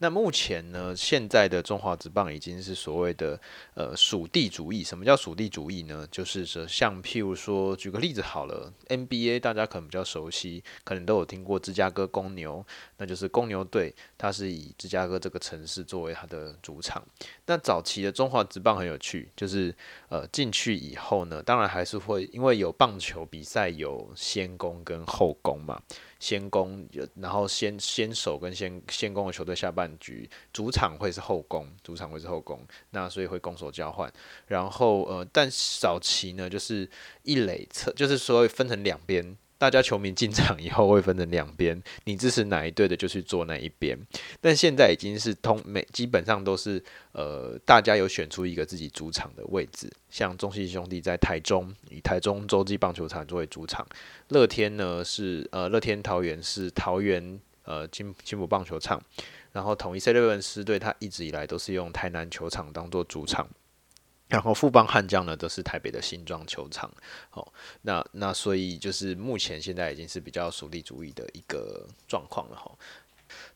那目前呢，現在的中華職棒已經是所謂的呃屬地主義。什麼叫屬地主義呢？就是說，像譬如說，舉個例子好了，NBA 大家可能比較熟悉，可能都有聽過芝加哥公牛，那就是公牛隊，它是以芝加哥這個城市作為它的主場。那早期的中華職棒很有趣，就是呃進去以後呢，當然還是會因為有棒球比賽，有先攻跟後攻嘛。先攻，然後先先守跟先先攻的球隊下半局主場會是後攻，主場會是後攻，那所以會攻守交換，然後呃，但早期呢就是一壘側，就是說分成兩邊。大家球迷進場以後會分成兩邊，你支持哪一隊的就去坐哪一邊。但現在已經是通每基本上都是呃大家有選出一個自己主場的位置，像中信兄弟在台中以台中洲際棒球場作為主場，樂天呢是呃樂天桃園是桃園呃青青埔棒球場，然後統一 7-ELEVEn 獅隊，它一直以來都是用台南球場當做主場。然後富邦悍將呢，都是台北的新莊球場，哦，那那所以就是目前現在已經是比較屬地主義的一個狀況了，吼、哦。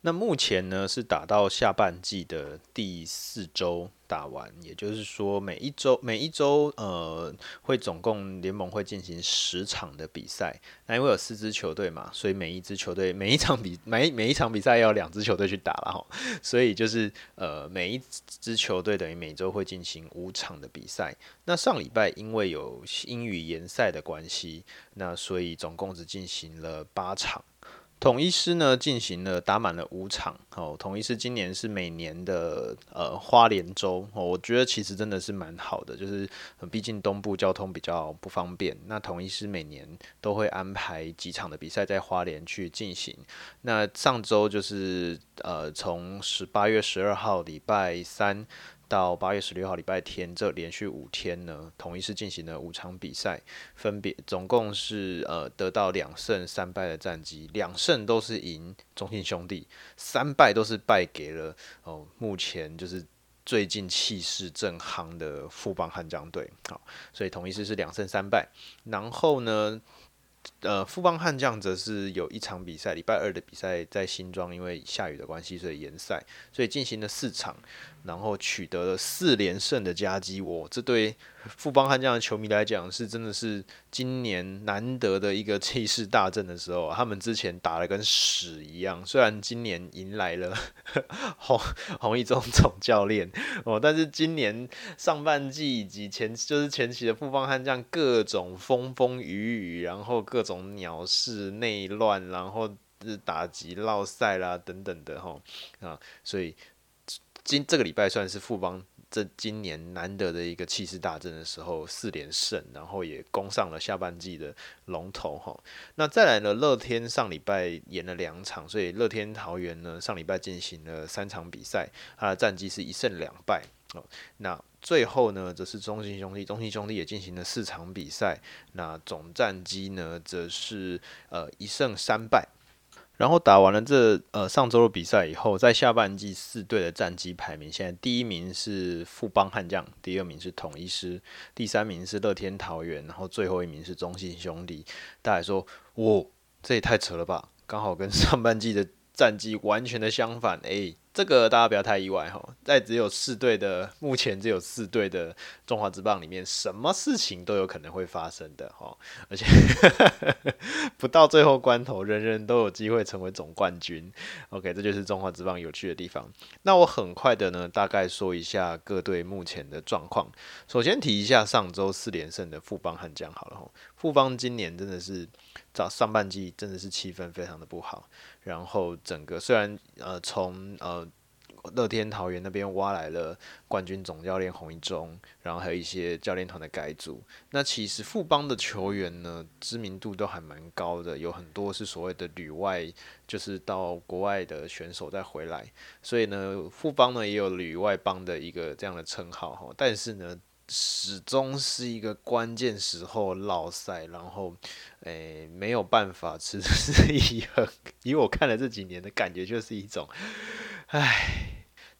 那目前呢，是打到下半季的第四周打完，也就是說每一周每一周呃會總共聯盟會進行十場的比賽。那因為有四支球隊嘛，所以每一支球隊每一場比每每一場比賽要兩支球隊去打了哈，所以就是呃每一支球隊等於每周會進行五場的比賽。那上禮拜因為有英語聯賽的關係，那所以總共只進行了八場。統一獅呢進行了打滿了五場哦，統一獅今年是每年的呃花蓮週，哦，我覺得其實真的是蠻好的，就是畢竟東部交通比較不方便，那統一獅每年都會安排幾場的比賽在花蓮去進行，那上周就是呃從十八月十二號禮拜三，到八月十六號禮拜天，這連續五天呢，統一是進行了五場比賽，分別總共是呃得到兩勝三敗的戰績，兩勝都是贏中信兄弟，三敗都是敗給了哦、呃，目前就是最近氣勢正夯的富邦悍將隊，好，所以統一是是兩勝三敗，然後呢，呃，富邦悍將則是有一場比賽，禮拜二的比賽在新莊，因為下雨的關係，所以延賽，所以進行了四場。然後取得了四連勝的佳績，哇，這對富邦悍將的球迷來講是真的是今年難得的一個氣勢大振的時候。他們之前打的跟屎一樣，雖然今年迎來了呵洪洪一中總教練哦，但是今年上半季以及前就是前期的富邦悍將各種風風雨雨，然後各種鳥事內亂，然後是打擊落賽啦等等的哈啊、哦，所以。今這個禮拜算是富邦這今年難得的一個氣勢大振的時候，四連勝，然後也攻上了下半季的龍頭吼，那再來呢，樂天上禮拜延了兩場，所以樂天桃園呢上禮拜進行了三場比賽，他的戰績是一勝兩敗。那最後呢，則是中信兄弟，中信兄弟也進行了四場比賽，那總戰績呢，則是呃一勝三敗。然後打完了這呃上週的比賽以後，在下半季四隊的戰績排名，現在第一名是富邦悍將，第二名是統一獅，第三名是樂天桃猿，然後最後一名是中信兄弟。大家說，哇，這也太扯了吧！剛好跟上半季的戰績完全的相反，哎。這個大家不要太意外哈，在只有四隊的目前只有四隊的中華職棒裡面，什麼事情都有可能會發生的哈，而且 *laughs* 不到最後關頭，人人都有機會成為總冠軍。OK，這就是中華職棒有趣的地方。那我很快的呢，大概說一下各隊目前的狀況。首先提一下上周四連勝的富邦悍將好了哈，富邦今年真的是早上半季真的是氣氛非常的不好，然後整個雖然呃從呃。樂天桃園那邊挖來了冠軍總教練洪一中，然後還有一些教練團的改組。那其實富邦的球員呢，知名度都還蠻高的，有很多是所謂的旅外，就是到國外的選手再回來。所以呢，富邦呢也有旅外幫的一個這樣的稱號。但是呢，始終是一個關鍵時候落賽，然後誒、欸、沒有辦法持之以恆。以我看了這幾年的感覺，就是一種。唉，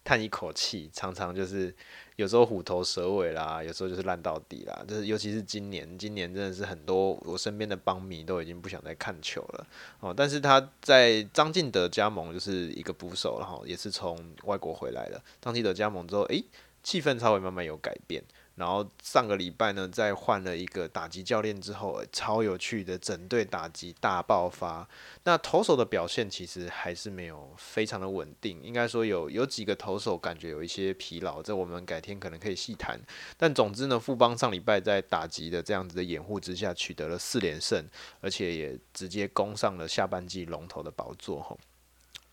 嘆一口氣，常常就是有時候虎頭蛇尾啦，有時候就是爛到底啦。就是尤其是今年，今年真的是很多我身邊的棒迷都已經不想再看球了哦。但是他在張進德加盟，就是一個捕手，然後也是從外國回來的。張進德加盟之後，哎，氣氛稍微慢慢有改變。然後上個禮拜呢，在換了一個打擊教練之後，超有趣的整隊打擊大爆發。那投手的表現其實還是沒有非常的穩定，應該說有有幾個投手感覺有一些疲勞，這我們改天可能可以細談。但總之呢，富邦上禮拜在打擊的這樣子的掩護之下，取得了四連勝，而且也直接攻上了下半季龍頭的寶座。吼，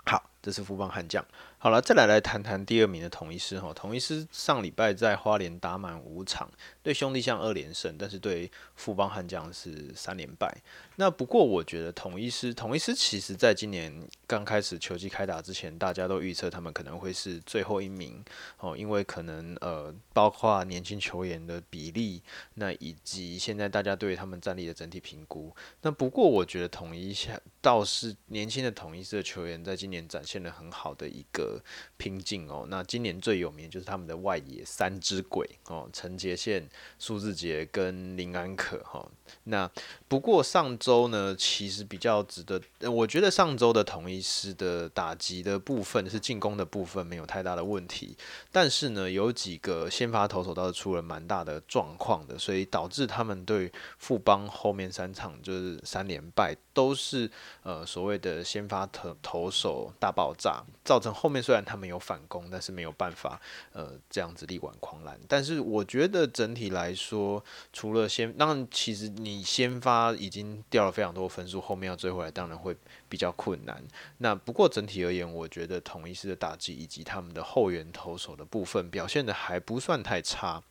好，這是富邦悍將。好了，再來來談談第二名的統一獅，哈，統一獅上禮拜在花蓮打滿五場，對兄弟象二連勝，但是對富邦悍將是三連敗。那不過，我覺得統一獅、統一獅。其實在今年剛開始球季開打之前，大家都預測他們可能會是最後一名哦，因為可能呃，包括年輕球員的比例，那以及現在大家對他們戰力的整體評估。那不過，我覺得統一獅倒是年輕的統一獅球員在今年展現了很好的一個拼勁哦、喔。那今年最有名就是他們的外野三隻鬼哦，陳傑憲、蘇智傑跟林安可哦。那。不過上週呢，其實比較值得，我覺得上週的統一獅的打擊的部分是進攻的部分沒有太大的問題，但是呢，有幾個先發投手倒是出了蠻大的狀況的，所以導致他們對富邦後面三場就是三連敗。都是呃，所謂的先發投投手大爆炸，造成後面雖然他們有反攻，但是沒有辦法呃，這樣子力挽狂瀾。但是我覺得整體來說，除了先，當然其實你先發已經掉了非常多分數，後面要追回來當然會比較困難。那不過整體而言，我覺得統一獅的打擊以及他們的後援投手的部分表現得還不算太差。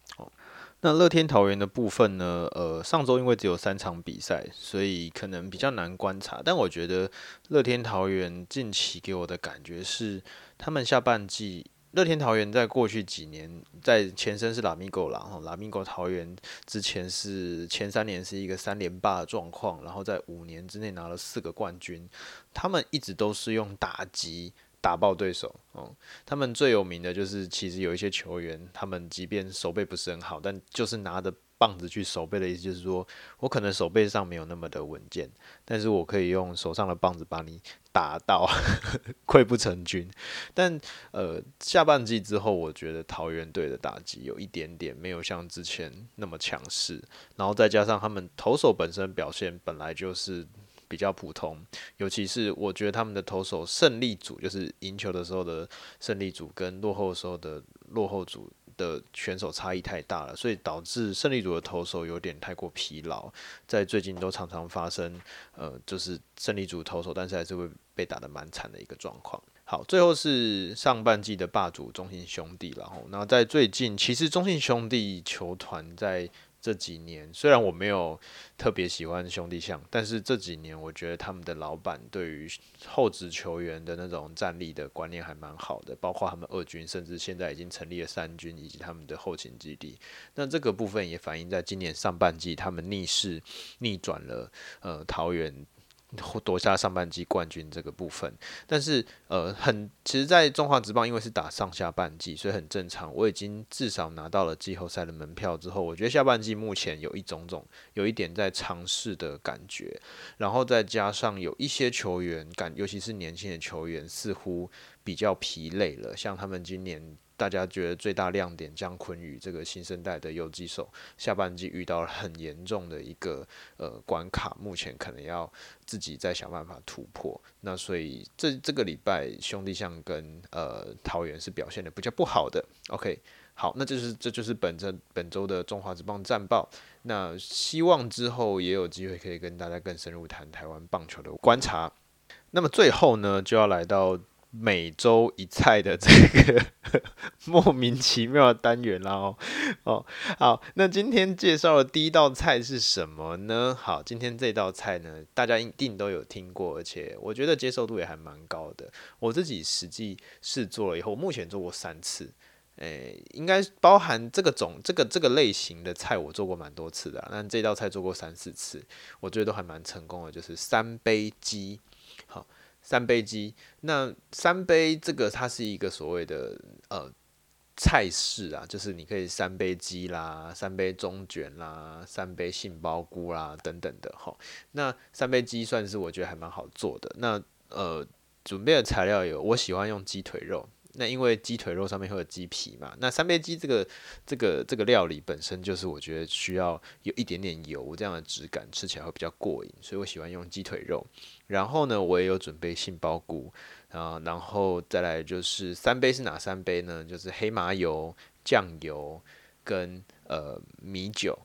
那樂天桃園的部分呢？呃，上週因為只有三場比賽，所以可能比較難觀察。但我覺得樂天桃園近期給我的感覺是，他們下半季樂天桃園在過去幾年，在前身是拉米狗啦，齁，拉米狗桃園之前是前三年是一個三連霸的狀況，然後在五年之內拿了四個冠軍。他們一直都是用打擊。打爆對手，嗯、哦，他們最有名的就是，其實有一些球員，他們即便守備不是很好，但就是拿着棒子去守備的意思，就是說我可能守備上沒有那麼的穩健，但是我可以用手上的棒子把你打到潰 *laughs* 不成軍。但呃，下半季之後，我覺得桃園隊的打擊有一點點沒有像之前那麼強勢，然後再加上他們投手本身表現本來就是。比較普通，尤其是我覺得他們的投手勝利組，就是贏球的時候的勝利組跟落後的時候的落後組的選手差異太大了，所以導致勝利組的投手有點太過疲勞，在最近都常常發生，呃，就是勝利組投手，但是還是會被打得蠻慘的一個狀況。好，最後是上半季的霸主中信兄弟，然後那在最近其實中信兄弟球團在。這幾年雖然我沒有特別喜歡兄弟象，但是這幾年我覺得他們的老板對於後職球員的那種戰力的觀念還蠻好的，包括他們二軍，甚至現在已經成立了三軍以及他們的後勤基地。那這個部分也反映在今年上半季他們逆勢逆轉了呃桃園。奪下上半季冠軍這個部分，但是呃，很其實，在中華職棒因為是打上下半季，所以很正常。我已經至少拿到了季後賽的門票之後，我覺得下半季目前有一種種有一點在嘗試的感覺，然後再加上有一些球員感，尤其是年輕的球員，似乎比較疲累了，像他們今年。大家覺得最大亮點，江坤宇這個新生代的游擊手，下半季遇到了很嚴重的一個呃關卡，目前可能要自己再想辦法突破。那所以這這個禮拜兄弟象跟呃桃園是表現的比較不好的。OK，好，那就是這就是本這本周的中華職棒戰報。那希望之後也有機會可以跟大家更深入談台灣棒球的觀察。那麼最後呢，就要來到。每週一菜的這個 *laughs* 莫名其妙的單元啦、啊、哦哦，好，那今天介紹的第一道菜是什麼呢？好，今天這道菜呢，大家一定都有聽過，而且我覺得接受度也還蠻高的。我自己實際試做了以後，目前做過三次，誒、欸，應該包含這個種這個這個類型的菜，我做過蠻多次的。那這道菜做過三四次，我覺得都還蠻成功的，就是三杯雞，好。三杯雞，那三杯這個它是一個所謂的呃菜式啊，就是你可以三杯雞啦、三杯中卷啦、三杯杏鮑菇啦等等的齁。那三杯雞算是我覺得還蠻好做的。那呃，準備的材料有，我喜歡用雞腿肉。那因為雞腿肉上面會有雞皮嘛，那三杯雞這個這個這個料理本身就是我覺得需要有一點點油這樣的質感，吃起來會比較過癮，所以我喜歡用雞腿肉。然後呢，我也有準備杏鮑菇，啊，然後再來就是三杯是哪三杯呢？就是黑麻油、醬油跟呃米酒，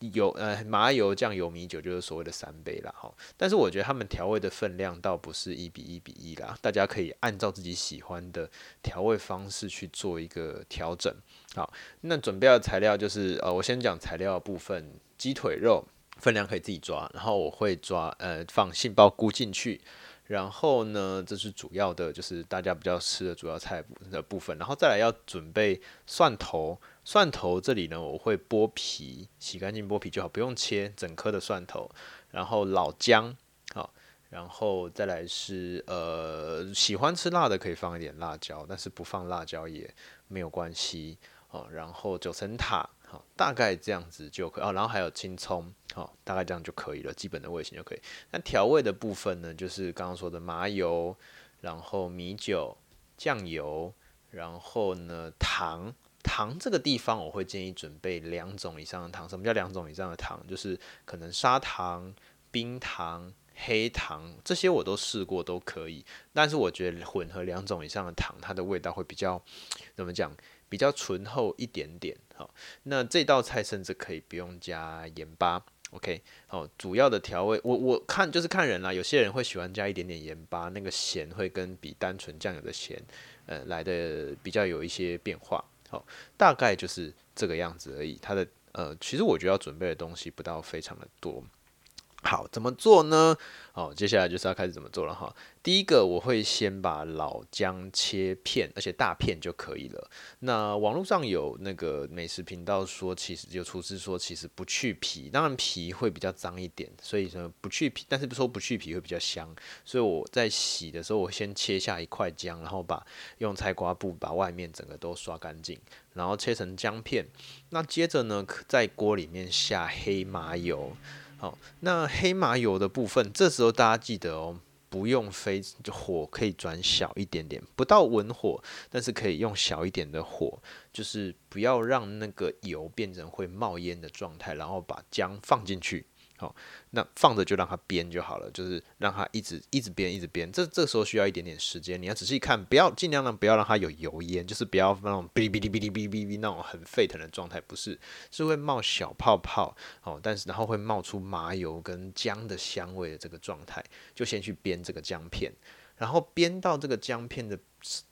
油呃，麻油、醬油、米酒就是所謂的三杯啦，哈。但是我覺得他們調味的分量倒不是一比一比一啦，大家可以按照自己喜歡的調味方式去做一個調整。好，那準備的材料就是呃，我先講材料的部分，雞腿肉分量可以自己抓，然後我會抓呃放杏鮑菇進去。然後呢，這是主要的，就是大家比較吃的主要菜的部分。然後再來要準備蒜頭，蒜頭這裡呢，我會剝皮，洗乾淨剝皮就好，不用切，整顆的蒜頭。然後老薑，好，然後再來是呃，喜歡吃辣的可以放一點辣椒，但是不放辣椒也沒有關係哦。然後九層塔。好，大概這樣子就可以哦，然後還有青蔥，好，大概這樣就可以了，基本的味型就可以。那調味的部分呢，就是剛剛說的麻油，然後米酒、醬油，然後呢糖，糖這個地方我會建議準備兩種以上的糖。什麼叫兩種以上的糖？就是可能砂糖、冰糖、黑糖這些我都試過，都可以。但是我覺得混合兩種以上的糖，它的味道會比較怎麼講？比較醇厚一點點。好，那這道菜甚至可以不用加鹽巴，OK。好，主要的調味，我我看就是看人啦，有些人會喜歡加一點點鹽巴，那個鹹會跟比單純醬油的鹹，呃，來的比較有一些變化。好，大概就是這個樣子而已。它的呃，其實我覺得要準備的東西不到非常的多。好，怎麼做呢？好，接下來就是要開始怎麼做了哈。第一個，我會先把老薑切片，而且大片就可以了。那網絡上有那個美食頻道說，其實有廚師說，其實不去皮，當然皮會比較髒一點，所以說不去皮。但是說不去皮會比較香，所以我在洗的時候，我先切下一塊薑，然後把用菜瓜布把外面整個都刷乾淨，然後切成薑片。那接着呢，在鍋裡面下黑麻油。好，那黑麻油的部分，這時候大家記得哦，不用飛，火可以轉小一點點，不到文火，但是可以用小一點的火，就是不要讓那個油變成會冒煙的狀態，然後把薑放進去，好。那放着就讓它煸就好了，就是讓它一直一直煸，一直煸。這這個時候需要一點點時間，你要仔細看，不要盡量呢，不要讓它有油煙，就是不要那種嗶哩嗶哩嗶哩嗶哩嗶那種很沸騰的狀態，不是，是會冒小泡泡哦。但是然後會冒出麻油跟薑的香味的這個狀態，就先去煸這個薑片，然後煸到這個薑片的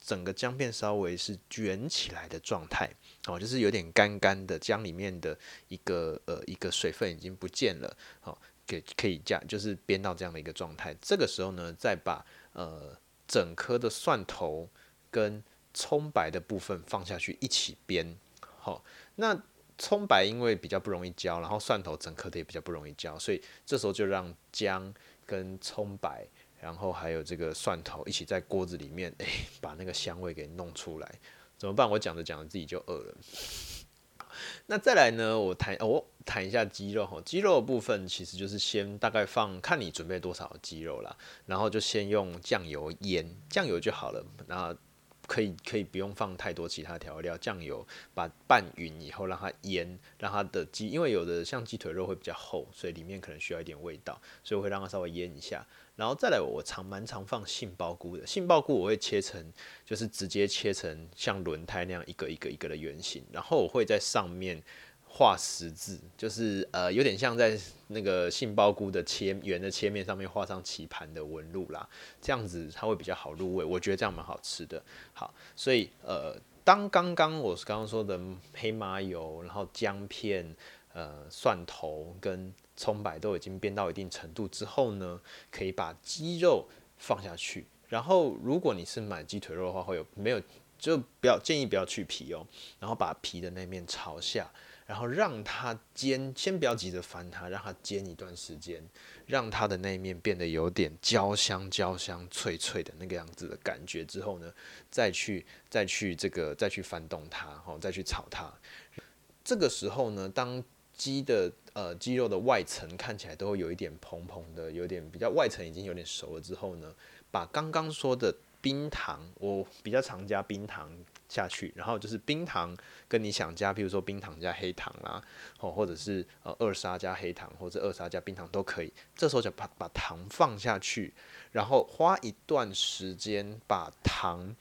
整個薑片稍微是捲起來的狀態哦，就是有點乾乾的，薑裡面的一個呃一個水分已經不見了哦。可可以這樣，就是煸到這樣的一個狀態。這個時候呢，再把呃整顆的蒜頭跟蔥白的部分放下去一起煸。好，那蔥白因為比較不容易焦，然後蒜頭整顆的也比較不容易焦，所以這時候就讓薑跟蔥白，然後還有這個蒜頭一起在鍋子裡面，欸，把那個香味給弄出來。怎麼辦？我講着講着自己就餓了。那再來呢？我談哦，談一下雞肉吼，雞肉的部分其實就是先大概放，看你準備多少雞肉啦，然後就先用醬油醃，醬油就好了。然後可以可以不用放太多其他調料，醬油把拌勻以後讓它醃，讓它的雞，因為有的像雞腿肉會比較厚，所以裡面可能需要一點味道，所以我會讓它稍微醃一下。然後再來我，我常蠻常放杏鮑菇的，杏鮑菇我會切成，就是直接切成像輪胎那樣一個一個一個的圓形，然後我會在上面畫十字，就是呃有點像在那個杏鮑菇的切圓的切面上面畫上棋盤的紋路啦，這樣子它會比較好入味，我覺得這樣蠻好吃的。好，所以呃，當剛剛我是剛剛說的黑麻油，然後薑片，呃，蒜頭跟，蔥白都已經煸到一定程度之後呢，可以把雞肉放下去。然後，如果你是買雞腿肉的話，會有沒有就不要建議不要去皮哦。然後把皮的那面朝下，然後讓它煎，先不要急着翻它，讓它煎一段時間，讓它的那面變得有點焦香焦香、脆脆的那個樣子的感覺之後呢，再去再去這個再去翻動它，然後再去炒它。這個時候呢，當雞的呃，雞肉的外層看起來都會有一點蓬蓬的，有點比較外層已經有點熟了之後呢，把剛剛說的冰糖，我比較常加冰糖下去，然後就是冰糖跟你想加，比如說冰糖加黑糖啦、啊，哦或者是呃二砂加黑糖或者二砂加冰糖都可以，這時候就把把糖放下去，然後花一段時間把糖。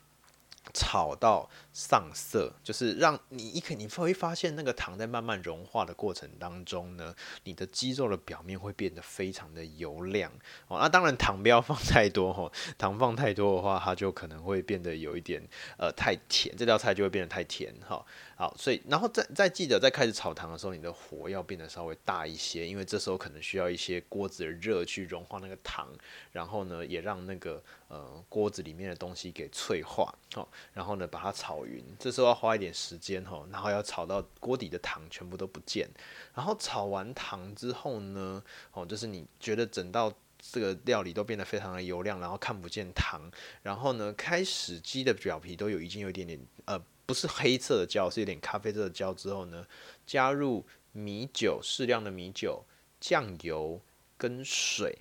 炒到上色，就是讓你一個你會發現那個糖在慢慢融化的過程當中呢，你的雞肉的表面會變得非常的油亮哦。那當然糖不要放太多哈，糖放太多的話，它就可能會變得有一點呃太甜，這道菜就會變得太甜哈。哦好，所以，然後再再記得在開始炒糖的時候，你的火要變得稍微大一些，因為這時候可能需要一些鍋子的熱去融化那個糖，然後呢，也讓那個呃鍋子裡面的東西給脆化，哦，然後呢，把它炒勻，這時候要花一點時間哈、哦，然後要炒到鍋底的糖全部都不見，然後炒完糖之後呢，哦，就是你覺得整道這個料理都變得非常的油亮，然後看不見糖，然後呢，開始雞的表皮都有已經有一點點呃。不是黑色的膠，是有點咖啡色的膠。之後呢，加入米酒，適量的米酒，醬油跟水。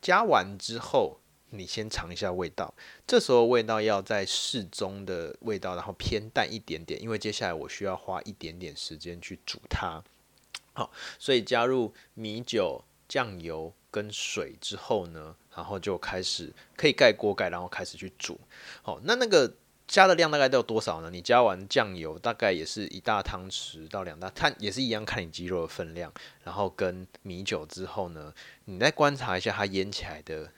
加完之後，你先嘗一下味道。這時候味道要在適中的味道，然後偏淡一點點，因為接下來我需要花一點點時間去煮它。好，所以加入米酒，醬油跟水之後呢，然後就開始可以蓋鍋蓋，然後開始去煮。好，那那個。加的量大概都有多少呢？你加完醬油，大概也是一大湯匙到兩大看，也是一樣看你雞肉的分量，然後跟米酒之後呢，你再觀察一下它醃起來的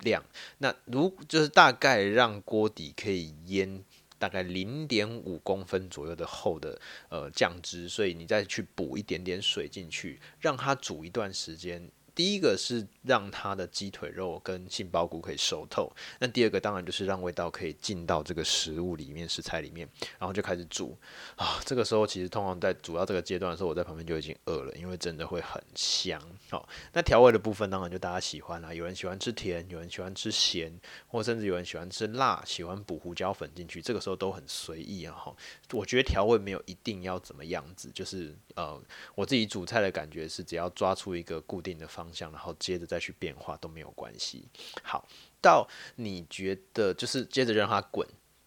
量。那如就是大概讓鍋底可以醃大概零點五公分左右的厚的呃醬汁，所以你再去補一點點水進去，讓它煮一段時間。第一個是讓它的雞腿肉跟杏鮑菇可以熟透，那第二個當然就是讓味道可以進到這個食物裡面、食材裡面，然後就開始煮啊、哦。這個時候其實通常在煮到這個階段的時候，我在旁邊就已經餓了，因為真的會很香。好、哦，那調味的部分當然就大家喜歡啦、啊，有人喜歡吃甜，有人喜歡吃鹹，或甚至有人喜歡吃辣，喜歡補胡椒粉進去，這個時候都很隨意啊。哈、哦，我覺得調味沒有一定要怎麼樣子，就是呃，我自己煮菜的感覺是只要抓出一個固定的方。方向，然後接着再去變化都沒有關係。好，到你覺得就是接着讓它滾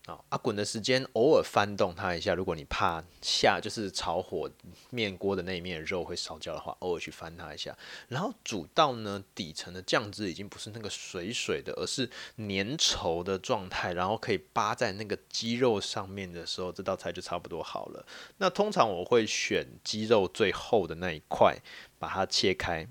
啊，啊滾的時間，偶爾翻動它一下。如果你怕下就是炒火面鍋的那一面肉會燒焦的話，偶爾去翻它一下。然後煮到呢，底層的醬汁已經不是那個水水的，而是粘稠的狀態，然後可以扒在那個雞肉上面的時候，這道菜就差不多好了。那通常我會選雞肉最厚的那一塊，把它切開。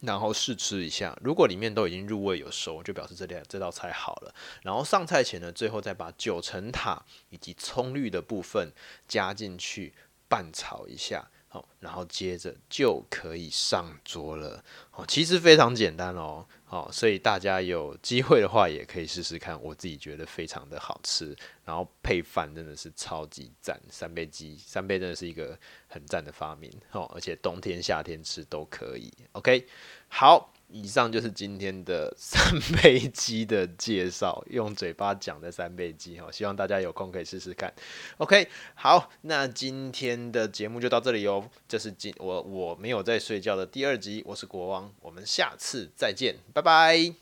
然後試吃一下，如果裡面都已經入味有熟，就表示這道這道菜好了。然後上菜前呢，最後再把九層塔以及蔥綠的部分加進去拌炒一下，好，然後接着就可以上桌了。其實非常簡單哦。哦，所以大家有機會的話也可以試試看，我自己覺得非常的好吃，然後配飯真的是超級讚，三杯雞，三杯真的是一個很讚的發明哦，而且冬天夏天吃都可以，OK，好。以上就是今天的三杯雞的介紹，用嘴巴講的三杯雞哈，希望大家有空可以試試看。OK，好，那今天的節目就到這裡喲、哦。這是今我我沒有在睡覺的第二集，我是國王，我們下次再見，拜拜。